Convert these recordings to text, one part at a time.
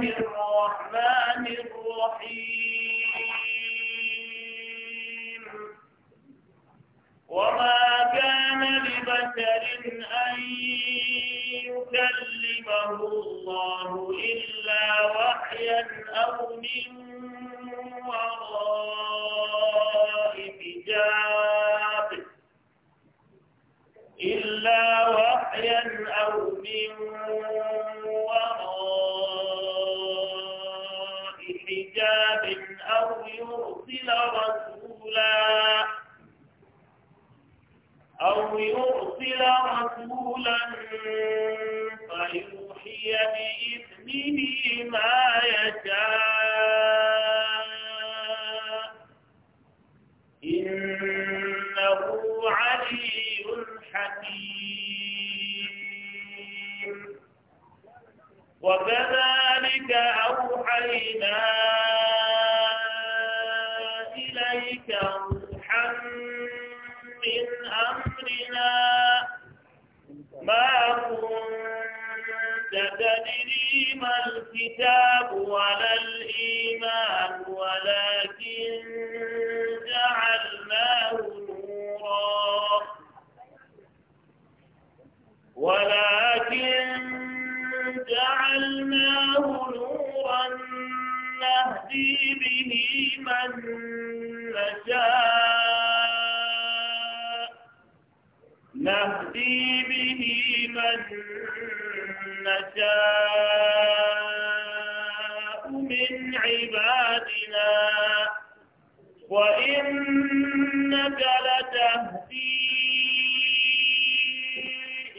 Amen.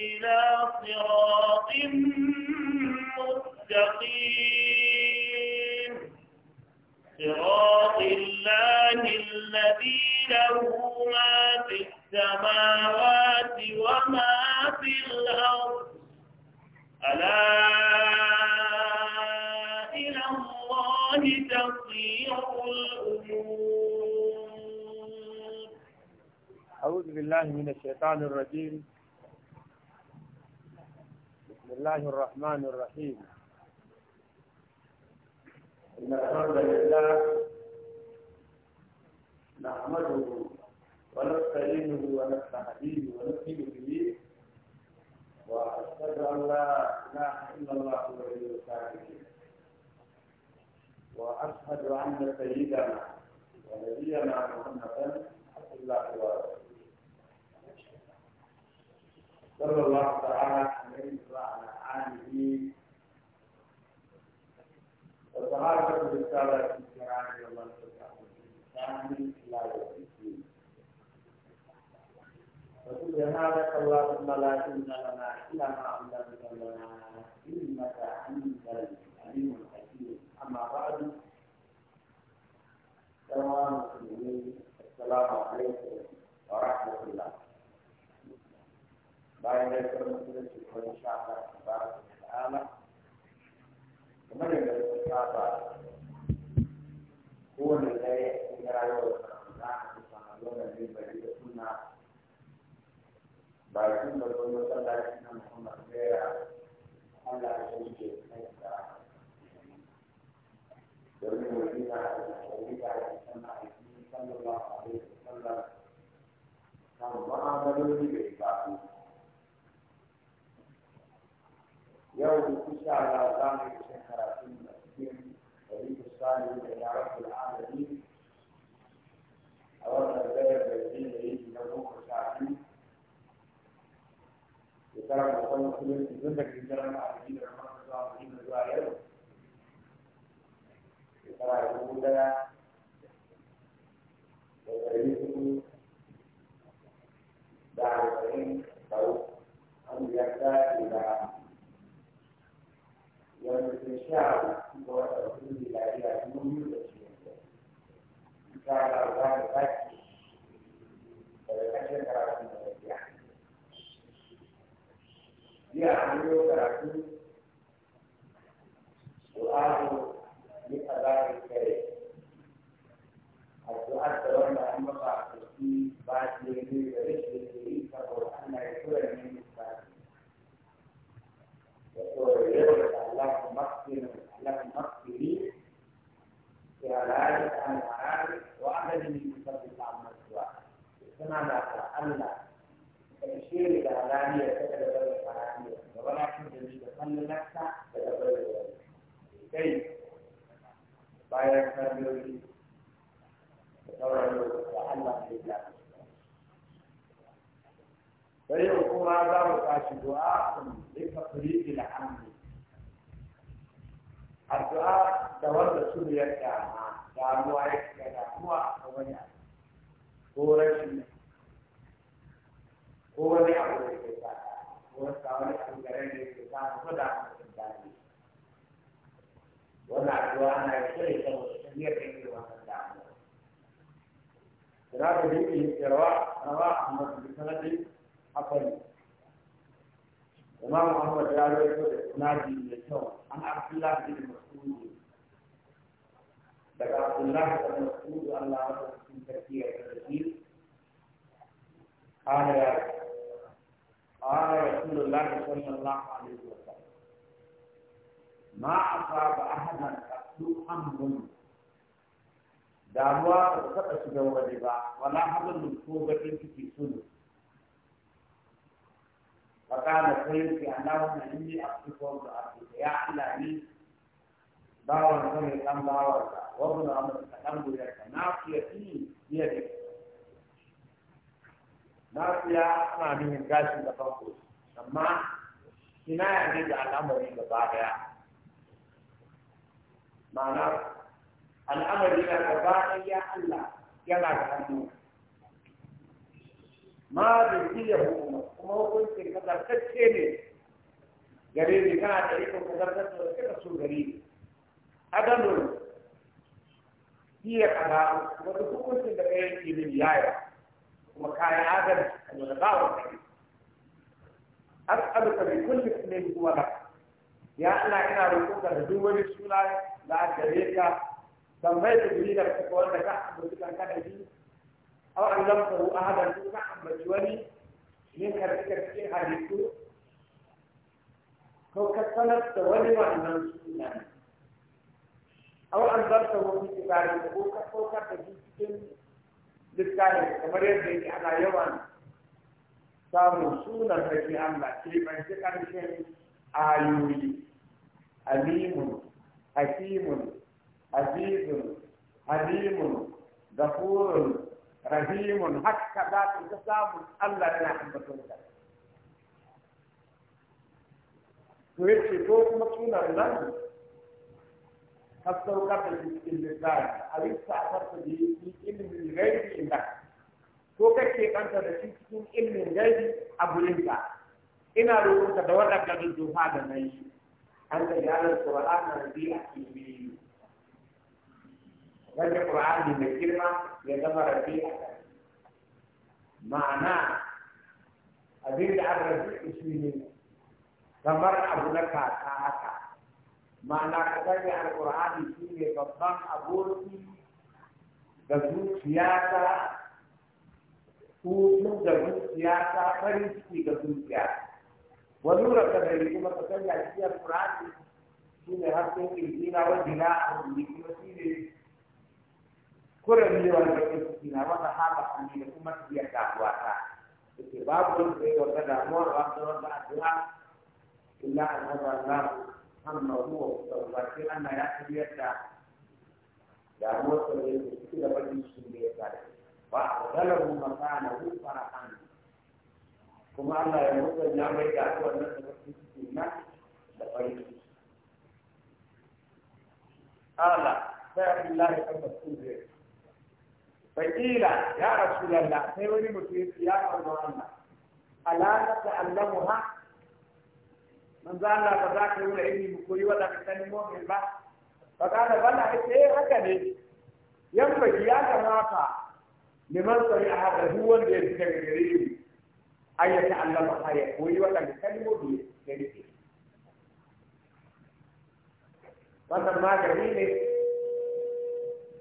إلى صراط مستقيم صراط الله الذي له ما في السماوات وما في الأرض ألا إلى الله تصير الأمور أعوذ بالله من الشيطان الرجيم بسم الله الرحمن الرحيم إن الحمد لله نحمده ونستعينه ونستهديه ونؤمن به وأشهد أن لا إله إلا الله وحده لا شريك وأشهد أن سيدنا ونبينا محمدا عبد الله ورسوله صلى الله تعالى عليه وسلم عنه وصحابة الرسالة في رضي الله تعالى عنه لا يؤذي وقل هذا اللهم لا علم لنا إلا ما علمتنا إنك أنت العليم الحكيم أما بعد السلام عليكم ورحمة الله bayan ya شاء الله تعالى شيخ راسين مسكين وليد الصالح الى رب العالمين أولا البلد الذين يجي لهم مساعدين وترى مقام كل زندك الجنة على دين رحمة الله ودين الظاهر وترى الهدى وتريده دعوة الأنبياء إلى والتشاعر والتوحيد الالهي المؤمن والشيخ ان شاء الله تعالى ذلك فلتشكر على يعمل ثلاثين سؤال لقضاء الكريم السؤال تولى ان وقع في بعد يديه ورشده فهو ان يكون من الله مغفر لك مغفرين وذلك عن المعارف وعدد من مسبب عما سواه كما ذكر ان التشير الى الغالية تتدبر الغالية ولكن جميل تصلي نفسك تدبر كيف؟ بايع تدبر تدبر وتعلم بالله فيقول هذا وكاشف دعاء لتفريق الحمد addu'a da wanda su ya dama damuwa ya shiga damuwa a wani ko rashin ko wani abu da ke sa ko wani abu da rage ke sa ko da mutum dadi wannan addu'a ana shirya saboda tafiyar da ke wannan damuwa Kira da yake rawa rawa a masu sanadi a fannin imam ahmad ya rawaito da sunadi mai kyau an abdullah bin mas'ud daga abdullah bin mas'ud Allah ya cikin tafiyar da shi قال يا قال رسول الله صلى الله عليه وسلم ما أصاب أحدا قط هم دعوة تبقى ba. Wala ولا حد من قوة تكي سنه فقال سيدي اللهم إني أقصد عبدك يا إلهي باور سمي كم باور وابن عمر الحمد لله ناصية في بيدك ناصية أسمع من الجاش اللي فوقه أما كناية نجعل الأمر إلى بعدها معناه الأمر إلى بعدها يا الله يلا تحمل ma da hukuma, kuma hukuncin kasartacce ne gare ni kana da ikon kasartacce da kika so gare ni adalun jiya kada kuma duk hukuncin da kai yake min yaya kuma kayan adalci kuma da gawar kai as'aluka bi kulli ismin huwa lak ya Allah ina roƙonka da duk wani suna da gare ka tambayar da duniya da kuma wanda ka abu kan kada biyu أو أن نذكر أحدا دون أحمد ولي من da wani حديثه suna كسلت ولي وأن سنة أو أن ذكره في كتابه كو كو كتابه littafin kamar yadda yake ana yawan samun sunan sarki Allah ke banci ƙarshen ayoyi alimun hakimun azizun halimun gafurun rahimun haka za ka ta samun Allah yana ambaton ka to ko kuma sunan nan ka saukar da cikin lissafi a bisa da yi ilimin gaibi inda ko kake kanta da shi cikin ilimin gaibi a burinka ina roƙonka da waɗanda zuwa da na yi an da yanar Qur'ana rabi'a ilmi sanya Qur'ani mai girma ya zama rabi a ma'ana abin da aka rabi shi ne kamar abu na kaka haka ma'ana ka sanya alƙur'ani shi ne babban aboki da zuciyata hutun da zuciyata farin ciki da zuciya wani lura ka da kuma ka sanya shi alƙur'ani shi ne hasken kirjina wanda na abu ne kuma shi ne kurarewar da ke ciki na wata haka hannu da kuma tafiyar damuwa ta da ke babu wani sai wata damuwar wata wata addu'a illa an haɗa na amma ruwa da wace ana ya tafiyar da damuwar ta da yake ciki da bakin cikin da ya tsare ba a zalabu masana rufara hannu kuma Allah ya mutu ya mai da addu'ar nan da bakin ciki na da farin ciki. Allah sai Allah ya kama su zai fakila ya rasulallah sai wani mutum ya ce ya karɓi Allah ala ta ha manzo ba za ka yi wani ilimi ko yi wata kasanin mu'min ba fa kana bana ita eh haka ne yan baki ya kamata liman sari a haka duk wanda ya fi daga gare ayyata Allah ba haya ko yi da wannan magani ne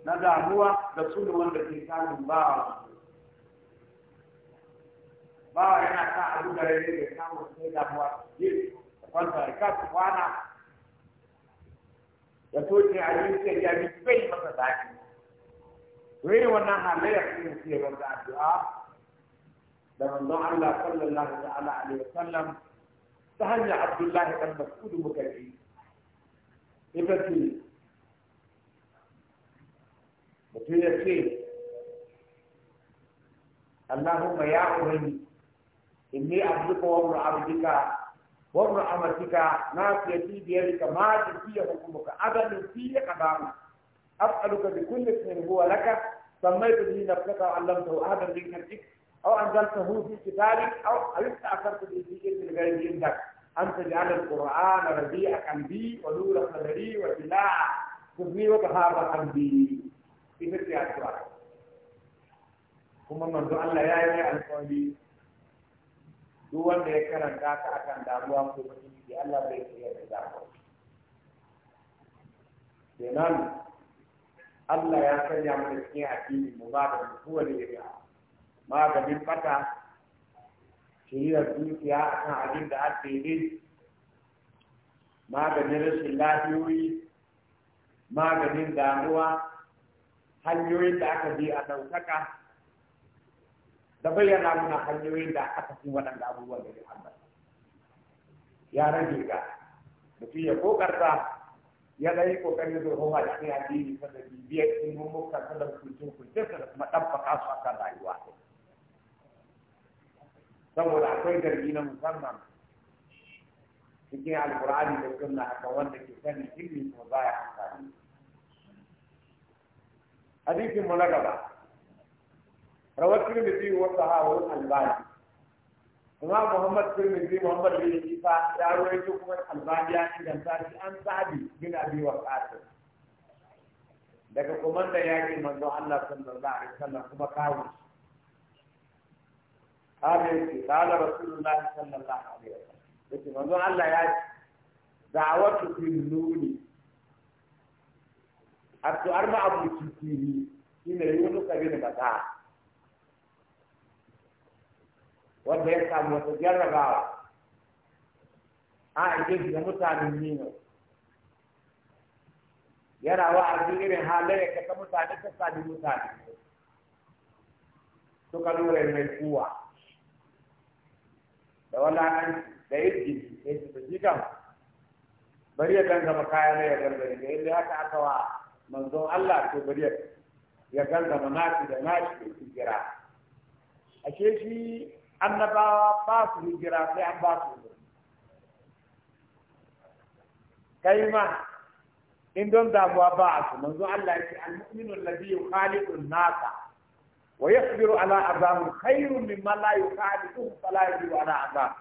na damuwa da su wanda ke samun ba ba yana sa abu da rai ne samun sai damuwa yi kwanta ya kasu kwana ya a yi sai ya bi bai masa zaki rai wannan halayyar sun ce wanda addu'a da manzon Allah sallallahu alaihi wasallam ta hanyar Abdullahi dan Mas'ud mukaji ita ce mutum ya اللهم يا ya اني inni abduka عبدك ibnu abdika ناس يتي بيدك ما bi حكمك ابدا tasiya قدامك أسألك بكل اسم هو لك سميت به نفسك وعلمته علمته من خلقك أو أنزلته في كتابك أو استأثرت به في علم الغيب عندك أن تجعل القرآن ربيع قلبي ونور صدري وجلاء تزني وكهاب قلبي ita addu'a kuma manzo Allah ya yi alƙawari duk wanda ya karanta ka akan damuwa ko bakin ciki Allah zai tsaya da damuwa kenan Allah ya sanya mu da cikin addini mu ba da kowane iri maganin fata shirya dukiya akan abin da ake yi maganin rashin lafiyoyi maganin damuwa hanyoyin da aka bi a ɗaukaka da bayyana muna hanyoyin da aka fi waɗanda abubuwa da ya haɗa ya rage ga mutum ya kokarta ya ɗaya kokarin roma da kai addini saboda biya ilimin muka saboda kuncin kuncin da kuma ɗabbaka su kan rayuwa saboda akwai gargi na musamman cikin alkur'ani da sunna haka wanda ke sani ilmi ko baya amfani hadisin mu na gaba rawar tirmidhi wa hawa al-albani kuma muhammad tirmidhi muhammad bin isa ya rawaito kuma albani ya inganta shi an sahabi bin abi waqas daga komandan yaƙin manzo Allah sallallahu alaihi wasallam kuma kawo Amin qala rasulullahi sallallahu alaihi wasallam yace manzo Allah ya ce da'awatu fi nuni addu'ar ma abuci fili shine yunus bin bata wanda ya samu wata jarrabawa a ake da mutanen nino yana wa'azi irin halayen ya kasa mutane ta sami mutane suka lura mai kuwa da walakanci da yin sai su ta jikan bari ya dangama kaya na ya gargari da yadda haka aka wa manzon Allah to bari ya gargama nashi da nashi da hijira Ake shi annabawa ba su hijira sai an ba su kai ma in don damuwa ba a su manzon Allah ya ce al-mu'minu alladhi yukhaliqu an-nasa yakhbiru ala عذاب خير mimma la yukhaliqu فلا يجب على عذاب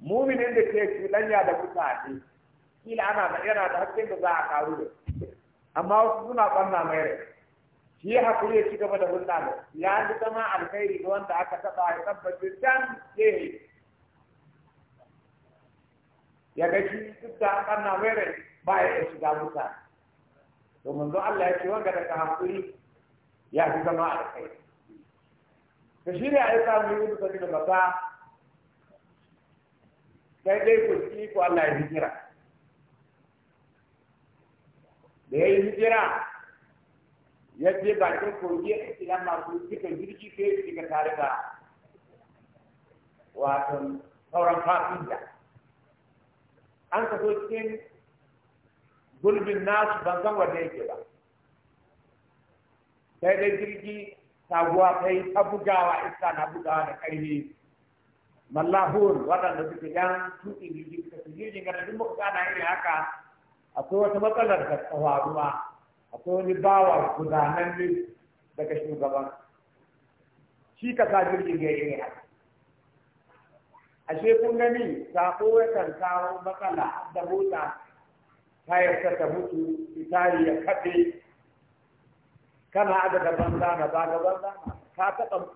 mu'minin da ke cuɗanya da mutane kila ana da yana da hakkin da za a karu da amma wasu suna ƙwanna mai rai shi ya hakuri ya ci gaba da hulɗa da ya ji zama alkhairi ga wanda aka taɓa ya tabbace can ya ga shi duk da an ƙwanna mai rai ba ya iya shiga mutane to manzo Allah ya ce wanda daga hankali ya fi zama alkhairi ka shi ne a yi samun yi da sai dai ku ci ko Allah ya hijira da ya yi hijira ya je bakin kogi a cikin masu suka jirgi ke su shiga tare da wato sauran fasinja an kaso cikin gulbin nasu ban san wanda yake ba sai dai jirgi taguwa ta yi ta bugawa iska na bugawa da ƙarfi mallahun waɗanda suke yan tuƙin jirgi suka su jirgin gana duk muka gana irin haka akwai wata matsalar da ta faruwa akwai wani bawa gudanar ne daga shugaban shi ka sa jirgin ya yi haka ashe kun gani sako kan kawo matsala da mota tayarsa ta mutu yi ya kaɗe kana adada banza na ba ga banza ka taɓa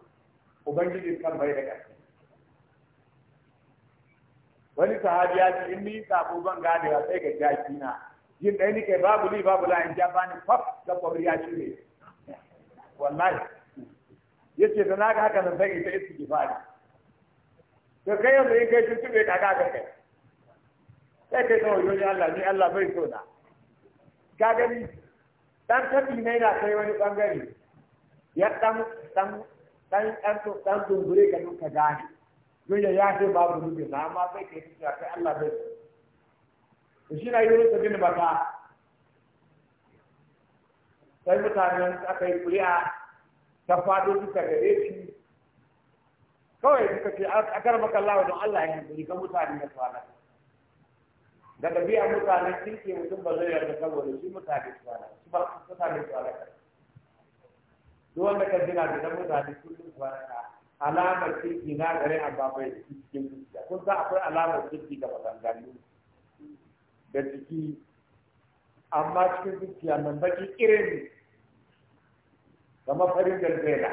ubangiji kan bai da ƙasa wani sahabi ya ce in ni sabo ban gane a sai ga jaki na jin dai nike babu li babu la in ja bani da kwariya ne wallahi ce da naga haka nan sai isi istighfari to kai yanzu in kai tuntube ka ga ka kai sai kai kawai yoni Allah ni Allah bai so na ka gani dan tabi ne na kai wani bangare ya dan dan dan dan dan dungure ka gane don ya yafe babu nufin na amma ke kai cikin Allah bai su. shi na yi wurin sabin baka sai mutane aka kuri'a ta fado duka gare shi kawai suka ce a karba kallawa don Allah ya hankali ga mutane na tsara da ɗabi'a mutane sun ke mutum ba zai yarda saboda shi mutane tsara su ba mutane tsara duk wanda ka jina da mutane kullum tsara alamar kirki na gare a ba mai cikin zuciya kun san akwai alamar kirki ga maganganu da ciki amma cikin zuciya nan baki irin kamar farin galbela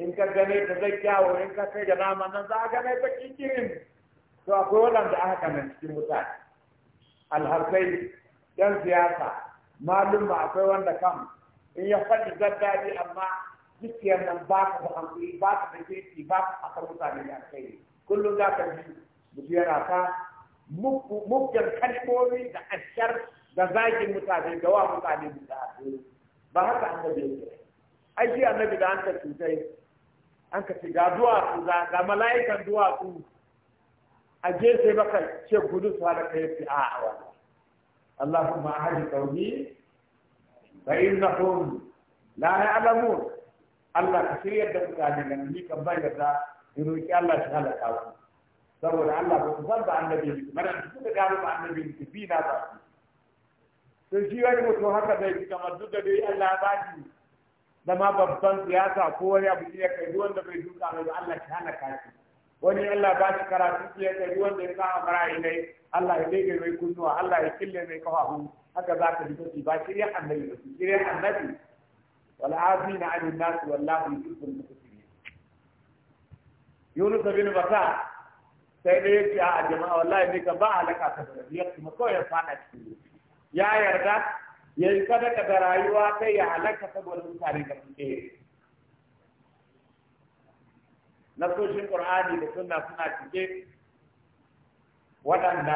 in ka gane ta zai kyawo in ka kai ga nama nan za a gane ta kirkirin to akwai waɗanda aka nan cikin mutane alharkai yan siyasa malum akwai wanda kam in ya faɗi zaddadi amma zuciyar nan ba ka da hankali ba ka da kirki ba ka a kan mutane da kai kullum za ka ji mutu yana ta mugjan kalmomi da ashar da zagin mutane da wa mutane da ba haka an annabi yake ai shi annabi da an ka cutai an ka ce ga duwatsu ga mala'ikan duwatsu a jefe baka ce gudu su da ka yafi a a wani Allahumma ahadi qawmi fa innahum la ya'lamun الله كثير يدعو كاجل النبي كبا يدعى يروي كي الله شغل كاو سبب الله بتصل بعند النبي مرة تقول كاو بعند النبي تبين هذا تجيء من توهك ده كما تقول ده الله بعدي لما ببطن سياسة كوريا بديا كيدون ده بيجون كاو الله شغل كاو وني الله بعد كراسي كي كيدون ده كاو مراي لي الله يليك ويكونوا الله يكلم ويكوهو هكذا تجيء تبى كريه النبي كريه النبي والعافين عن الناس والله يحب المقسمين يونس بن بطاء سيدي يا جماعة والله إنك باع لك أسفل يقسم كوية فانا يا يرغى يلقى لك يا لك أسفل المساري نصوص القرآن لسنة سنة كيف ولن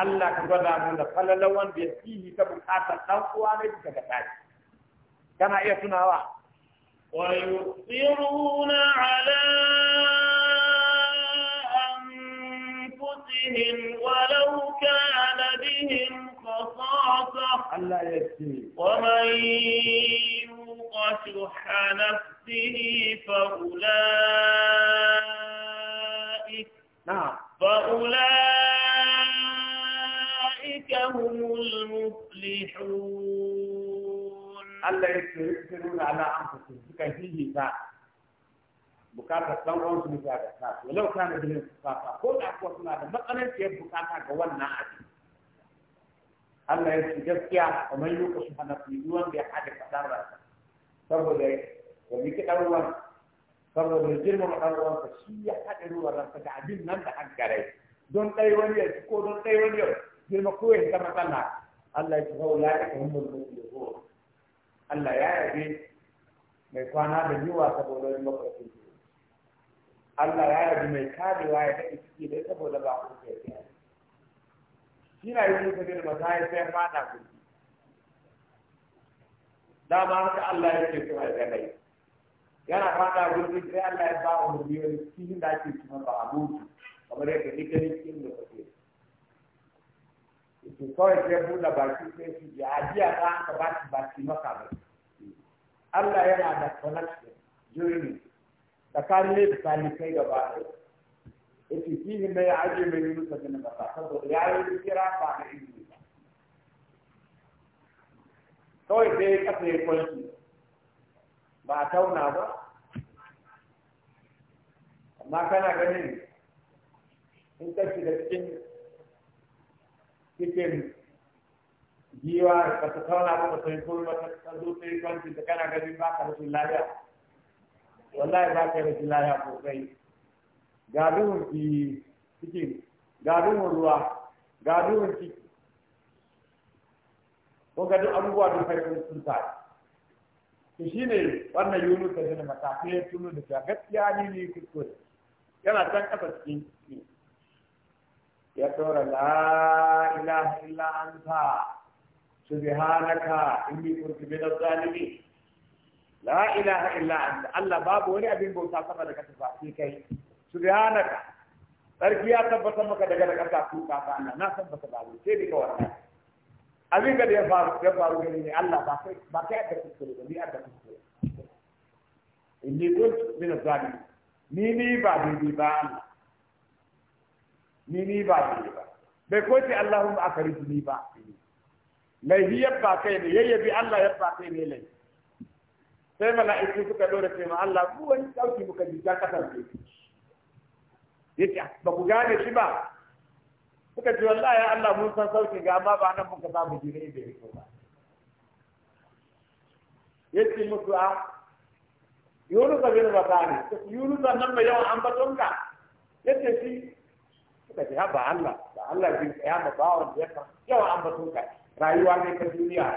الله كبدا من الخلل وان بيسيه تبقى تتوقع عليك كتاتي كما ايتنا الله ويؤثرون على انفسهم ولو كان بهم خصاصه الا يكفي ومن يوق شح نفسه فاولئك نعم فاولئك هم المفلحون Allah ya ce yake nuna ala an anfusu suka hihi ta bukatar dan uwan su bisa ga ta walau kana bilin safa ko da kuwa suna da matsalanciyar bukata ga wannan abin Allah ya ce gaskiya kamar yi ka shuhana fi wanda ya haɗe kadarra saboda ya miki ɗan uwan saboda ya girma ɗan uwan ka shi ya haɗe ruwan ransa da abin nan da an gare don ɗaya wani yau ko don ɗaya wani yau girma ko ya zama matsala Allah ya ce hau la'ika himmul mutu ya zo Allah ya yabe mai kwana da yiwa saboda wani su. Allah ya yabe mai kadewa ya daɗe ciki dai saboda ba ku ke yi shi na yi musu bin masaya sai fada ku dama haka Allah ya ce kuma da dai yana fada gurbin sai Allah ya ba umurni wani cikin da ake cikin ba a mutu kamar yadda ni ganin cikin da kake to kawai sai buɗe baki sai su ji ajiya ba ka ba su ba su maka ba Allah yana da connection journey tsakanin ne da tsakanin kai gaba ɗaya yace fihi ma ya'ji min yunus bin basa saboda yayi kira ba da izini kawai sai ya kafa ya kwanci ba a tauna ba amma kana ganin in ka shiga cikin cikin giwa da ta tauna ba ta yi kuma ta zo ta yi kwanci da kana gani ba ka rashin lafiya wallahi ba ka rashin lafiya ko ga duhun ki cikin ga ruwa ga ciki ko ga duk abubuwa da kai sun sa to shine wannan yunus da shi ne matakai ya tuno da gaskiya ne ne kuskure yana can kasa cikin ka ɗora la ilaha illa anta subhanaka inni kuntu minaz zalimin la ilaha illa Allah babu wani abin bauta sama da kasa ba sai kai Su subhanaka sarki ya tabbata maka daga da kasa ku ka Allah na tabbata ba sai dai ka wannan abin da ya faru ya faru ne Allah ba kai ba kai da kuskure ba ni da kuskure inni kuntu min zalimi ni ni ba ni ba Allah ni ni ba ne ba bai ko ce Allahumma ni ba laifi yabba kai ne bi? Allah yabba kai ne lai? sai mala'iku suka dora ce ma Allah ku wani dauki muka ji ta kasar ke yace ah, ba ku gane shi ba suka ji wallahi Allah mun san sauki ga amma ba nan muka samu jire da yake ba yace musu a ah, Yunus bin yuru da nan mai yawan ambaton ka yace shi suka ji haba Allah ba Allah bin ya ma bawon da ya kan yawa an batun ka rayuwa ne ta duniya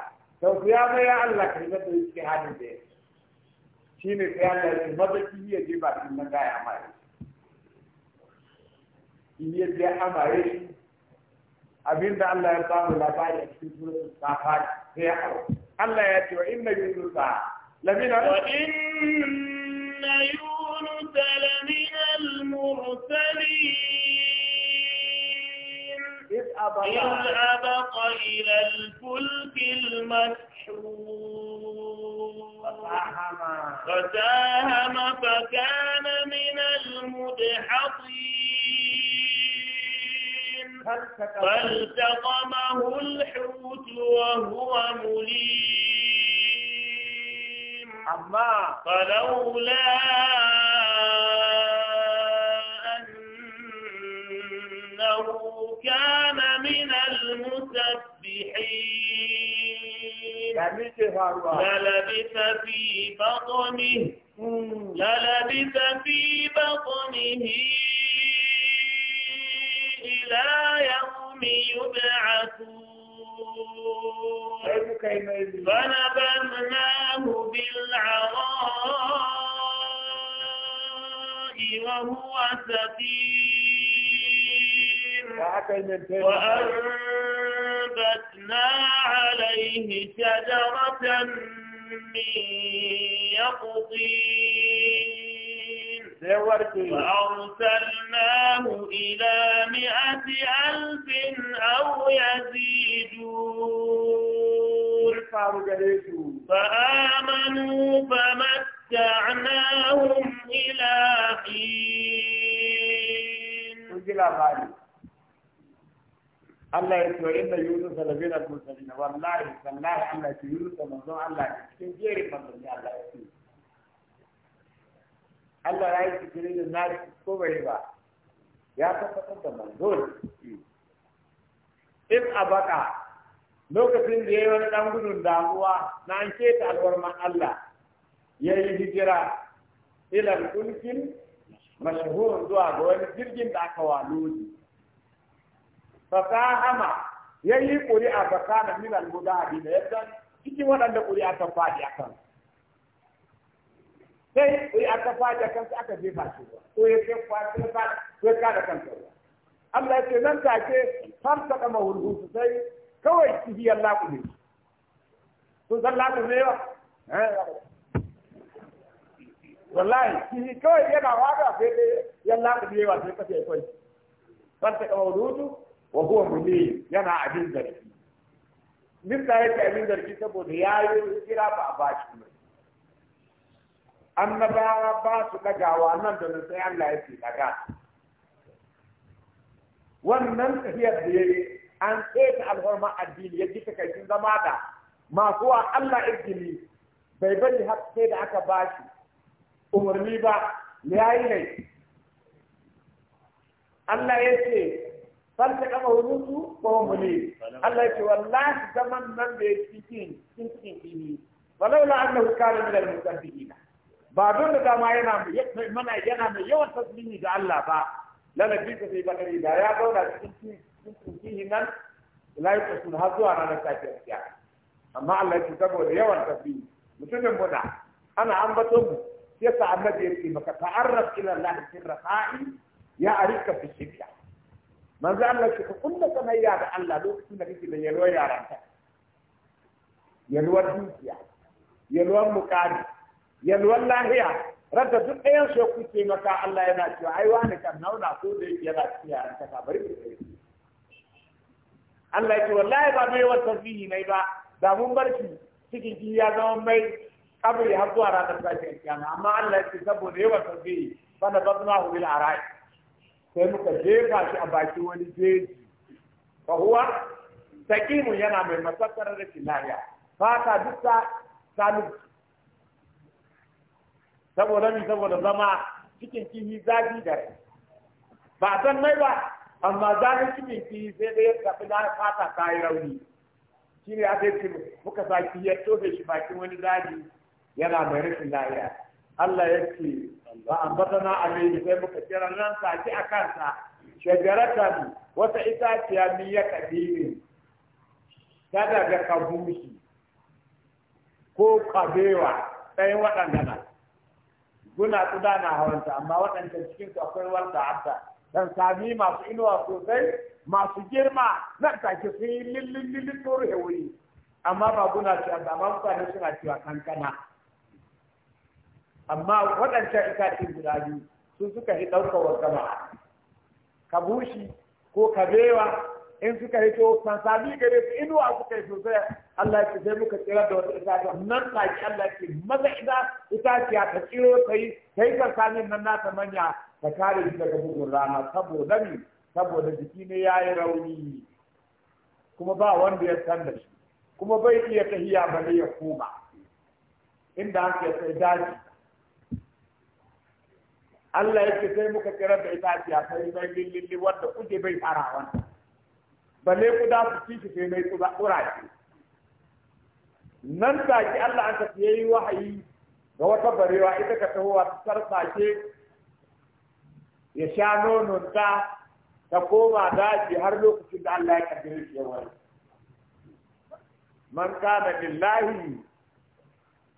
sau ya mai ya Allah ka riga da yake halin da ya shi ne sai Allah ya madaki ya je ba cikin nan gaya amare in ya je amare shi abinda Allah ya samu labari a cikin suratul safat sai ya hau Allah ya ce wa inna yunusa lamina wa inna yunusa lamina al-mursalin إذ أبق إلى الفلك المسحور فساهم فكان من المدحضين فالتقمه الحوت وهو مليم فلولا إنه كان من المسبحين للبث في بطنه للبث في بطنه إلى يوم يبعثون أيوة فنبذناه بالعراء وهو سقيم وأنبتنا عليه شجرة من يقطين وأرسلناه إلى مئة ألف أو يزيدون فآمنوا فمتعناهم إلى حين Allah ya ce da Yunus la bin al-mursalin wallahi wallahi Allah ya Yunus manzon Allah cikin jerin manzon Allah ya ce Allah ya yi cikin da na ko bai ba ya tabbatar da manzon in a baka lokacin da ya yi wani ɗan gudun damuwa na an keta alwarman Allah ya yi hijira ilar kulkin mashahurun zuwa ga wani jirgin da aka waloji. fasahama yayi ƙuri'a fasana min al mudadi da yadda cikin waɗanda ƙuri'a ta faɗi akan sai ƙuri'a ta faɗi akan sai aka jefa shi ko ya kai ba ko ka da kansa Allah ya ce nan take har ta kama hulhutu sai kawai kihi Allah ku ne sun san lafi ne ba wallahi kihi kawai yana waka sai dai yalla ku ne wa sai kace kai har ta kama hulhutu wa huwa muni yana abin zargi mista yake abin zargi saboda ya yi kira ba a bashi ne annabawa ba su dagawa nan da nan sai Allah ya ce daga wannan tafiyar da yayi an keta alhorma addini ya ji takaicin zama da masu wa Allah izini bai bari har sai da aka bashi umarni ba yayi ne Allah ya ce farce kama hudun su ko Allah ya ce wallahi zaman nan da ya ci cin cin cin ini walaula Allah ya kare mu daga ba don da dama yana mana yana mai yawan tasbihi da Allah ba lana bisa sai bakari da ya zauna cin cin nan lai ta sun har zuwa ranar ta kiyaya amma Allah ya ce saboda yawan tasbihi mutumin muna ana ambato mu sai sa annabi ya ce maka ta'arraf ila ya arika fi shirya manzo Allah ce ka kunna sanayya da Allah lokacin da kake da yalwar yaranta yalwar dukiya yalwar mukari yalwar lahiya ranta duk ɗayan su kuke maka Allah yana cewa ai wani kan nauna ko da yake yana cikin yaranta ka bari ku kai Allah ya ce wallahi ba mai wata tasbihi mai ba da mun barki cikin ki ya zama mai kabri har zuwa ranar sashen kiyama amma Allah ya ce saboda yawan tasbihi fa na bazna hu bil ara'i sai muka jefa shi a bakin wani jeji ka huwa sakimun yana mai masakar da kinaya fata ta ta sanu saboda mi saboda zama cikin kihi zafi da rai ba san mai ba amma zafi cikin kihi sai da ya tafi na fata ta yi rauni shi ne aka yi muka sa kihi ya tofe shi bakin wani daji yana mai rashin lafiya Allah ya ce ba ambatana alaihi sai muka kira nan take a kansa ne, wata itaciya mi ya kadiri ta daga kabushi ko kabewa ɗayan waɗanda na guna tsuda na hawanta amma waɗanda cikin su akwai wanda abda dan sami masu inuwa sosai masu girma nan take sun yi lillin lillin tsoro wuri amma ba guna ce amma mutane suna cewa kankana amma waɗancan itacen guda biyu su suka yi wa gama ka bushi ko ka bewa in suka yi hito san sami gare su inuwa suka yi sosai Allah ce sai muka tsira da wata itaciya nan ta ki Allah ce maza ina a ta tsiro ta yi ta yi sami nan ta manya ta kare shi daga bugun rana saboda ni saboda jiki ne ya yi rauni kuma ba wanda ya san da shi kuma bai iya tahiya ne ya koma inda aka sai daji Allah yake sai muka kira da ya sai mai lillilli wanda kuke bai farawa balle ku da su ci sai mai kuza ƙurashi nan ki Allah an tafi yayi wahayi ga wata barewa ita ka tahowa ta sarfashe ya sha nono ta ta koma daji har lokacin da Allah ya kaddare shi yawa man kana billahi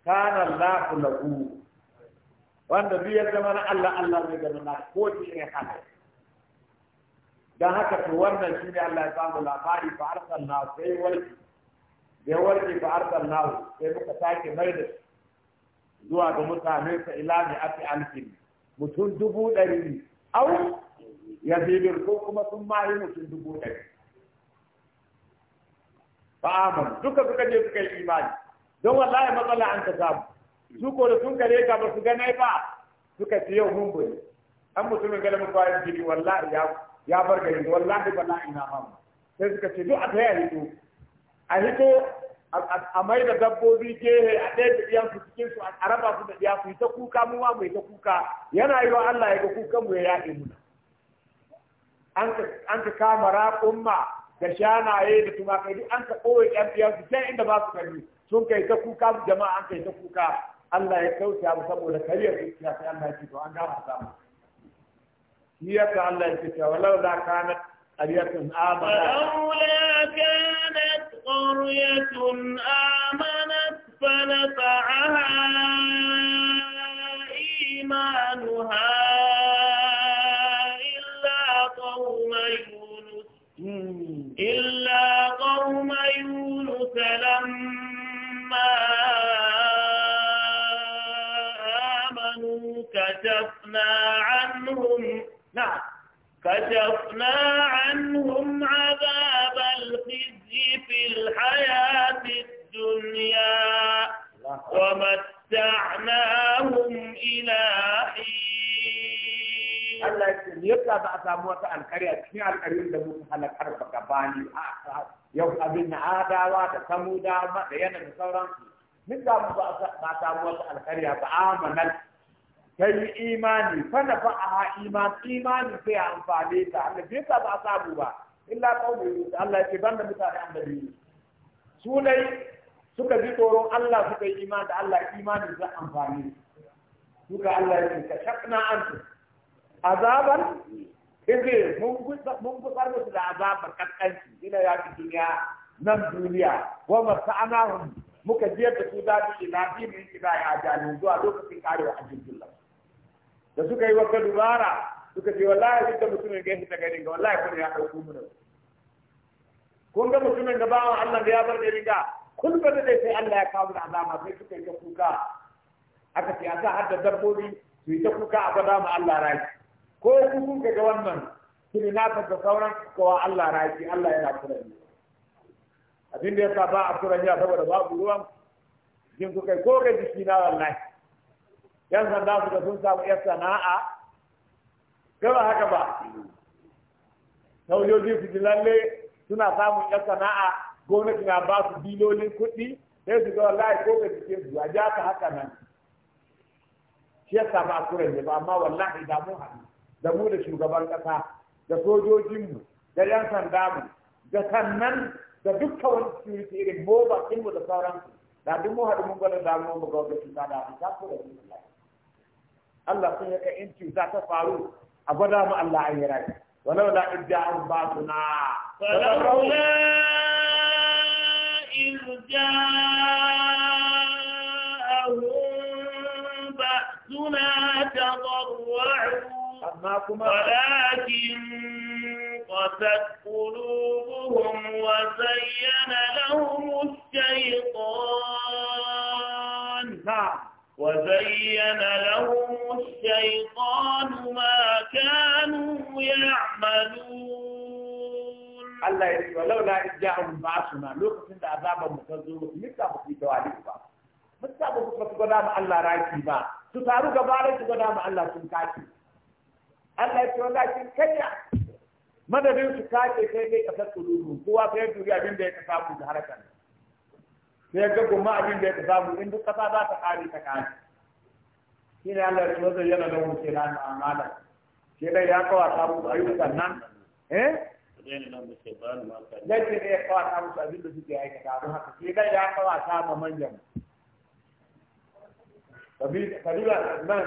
kana Allahu lahu wanda duk ya zama na Allah Allah ne gani na ko shi ne haka dan haka to wannan shi ne Allah ya samu labari fa arsalna sai warki da warki fa arsalna sai muka sake mai da zuwa ga mutane sa ila ne ati alfin mutum dubu ɗari au ya zibir ko kuma sun mahi mutum dubu ɗari fa amma duka suka je suka yi imani don wallahi matsala an ta samu su ko da sun kare ka ba su ganai ba suka ce yau mun bari an mutumin gada mun fara jiri wallahi ya ya bar gari wallahi ba na ina ma sai suka ce duk a yi hito a hito a mai da dabbobi gehe a ɗaya da iyansu cikin su a raba su da iyansu ta kuka mu ma mai ta kuka yana yi wa Allah ya ga kukan mu ya yaɗe mu an ka kama raƙumma da shanaye da tumakai duk an ka ɓoye ƴan iyansu can inda ba su gani sun kai ta kuka jama'a an kai ta kuka الله يكوت يا ابو صبو لك هي يا اخي انا جيت هي قال لك كيف ولو ذا كانت قرية آمنت ولولا كانت قرية آمنت فنفعها إيمانها نعم كشفنا عنهم عذاب الخزي في الحياة الدنيا ومتعناهم إلى حين الله يسلم يطلع بأسام وطا القرية كني على القرية حلق حرب كباني آه، يوم أبن دينا من دام ta yi imani fana fa a iman imani sai a amfane ta bai ta ba sabu ba illa qawmi Allah ya ce banda mutane annabi su dai suka ji tsoron Allah suka yi imani da Allah imani zai amfani suka Allah ya ce ka shakna antu azaban izi mun gusar musu da azabar kankanci ina ya fi duniya nan duniya wa masa'anahum muka jiya da su daɗi ila dinin ila ya jani zuwa lokacin karewa a jirgin da suka yi wata dubara suka ce wallahi duk da mutumin gaishe ta garin ga wallahi kun ya ɗauko mu nan kun ga mutumin da bawan Allah da ya bar da riga kun ba da sai Allah ya kawo da azama sai suka yi kuka aka ce a sa dabbobi su yi ta kuka a gwada ma Allah raki ko ku kun ga wannan kin na da sauran kowa Allah raki Allah yana kula da abin da ya sa ba a tura saboda babu ruwan jin kuka ko ga jiki na wallahi yan sanda su da sun samu yan sana'a ba haka ba sojoji su lalle suna samun yan sana'a gwamnati na ba su bilolin kuɗi sai su ga wallahi ko ka cike su a ja ka haka nan shi yasa ba kure ne ba amma wallahi da mu haɗu da mu da shugaban ƙasa da sojojinmu da yan sanda mu da sannan da dukkan wani security irin boba da sauransu da duk mu haɗu mun gwada damuwa mu ga wanda cuta da ta kure ne wallahi الله سن يك انت ذا تفارو ابدا ما الله اي راي ولو لا ابدا باثنا فلولا اذ جاء باثنا تضرعوا ولكن قست قلوبهم وزين لهم الشيطان نعم وزين لهم الشيطان ما كانوا يعملون الله يريد ولولا إذ جاءهم بعثنا لو كنت أذابا مكذوب متى بكي تواليك با متى بكي تقدام الله رايكي با تتارو قبالك تقدام الله تنكاكي الله يريد الله تنكيا ماذا su kace kai ne kasar هو kowa kai duri abin da ya kasa sai ga kuma abin da ya samu in duk kasa za ta kare ta kare shi ne Allah ya tsoza yana da wuce na amala shi dai ya kawa ta mu ayyukan nan eh Lakin ne ya kawa ta musu abin da suke ta don haka shi dai ya kawa ta ma manyan kabila nan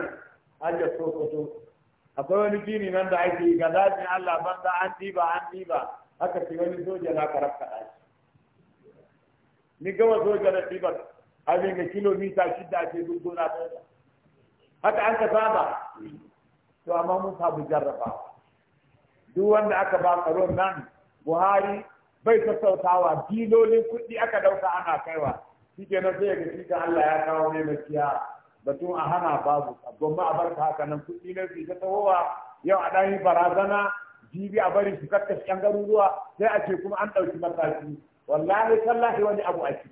an ya sokoto akwai wani gini nan da ake ga dajin Allah banza an diba an diba haka ce wani soja na karafka daji ni gama so ga ɗibar abin ga kilomita shida ce duk gona ta haka an ka saba to amma mun sabu jarraba duk wanda aka ba karo nan buhari bai sassautawa dilolin kuɗi aka ɗauka ana kaiwa shi na sai ga shi Allah ya kawo mai gaskiya batun a hana babu gomma a barka haka nan kuɗi na su ta tahowa yau a ɗan yi barazana jibi a bari su karkashe yan garuruwa sai a ce kuma an ɗauki mataki wallahi tallahi wani abu a ciki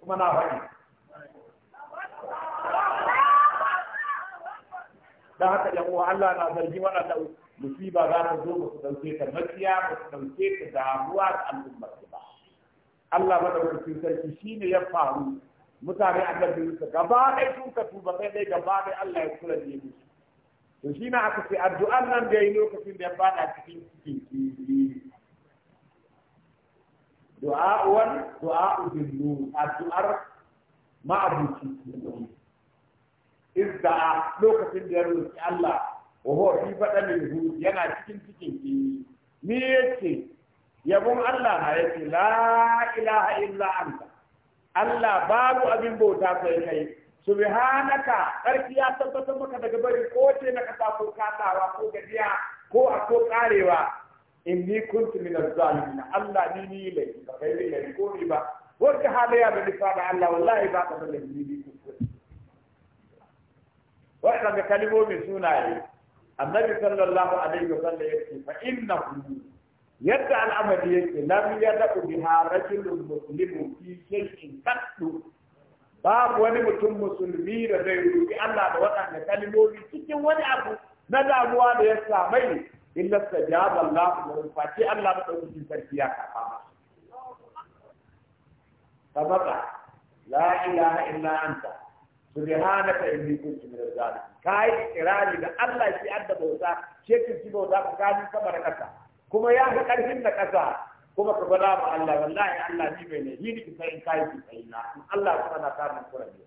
kuma na faɗi dan haka ya uwa Allah na zargi waɗanda musiba za ta zo su dauke ta maciya ba su dauke ta damuwa da al'ummar ba Allah madaukakin sarki shine ya faru mutane annabi Musa gaba ɗaya sun ka tuba sai dai gaba ɗaya Allah ya kula da musu to shi na aka ce addu'an nan da yi lokacin da ya bada cikin cikin kifi du'a'uwan du'a'u bin nur addu'ar ma'abuci izda'a lokacin da ya roki Allah wa huwa fi badanin hu yana cikin cikin ki ni yace yabon Allah na yace la ilaha illa anta Allah babu abin bauta sai kai subhanaka sarki ya tabbatar maka daga bari ko ce na kasa ko kasawa ko gajiya ko a ko karewa inni kuntu min az-zalimin Allah ni ni le ba kai le ko ni ba wata hada ya da faɗa Allah wallahi ba ka da ni ni ku wa ga kalmomin sunaye annabi sallallahu alaihi wa sallam yake fa innahu yadda al'amari yake lam yada'u biha rajulun muslimu fi shay'in qattu babu wani mutum musulmi da zai rubi Allah da waɗanda kalmomi cikin wani abu na damuwa da ya samai Inna sajaba Allah lahum fati Allah madaukakin sarki ya kafa sabaka la ilaha illa anta subhanaka inni kuntu min adh-dhalimin kai ikrari da Allah shi adda bauta ce kin ci bauta ka kani ka barakata. kuma ya fi karfin na kasa kuma ka bada ma Allah wallahi Allah ni bai ne hini ki sai kai ki sai na Allah kuma na ta mun kurabe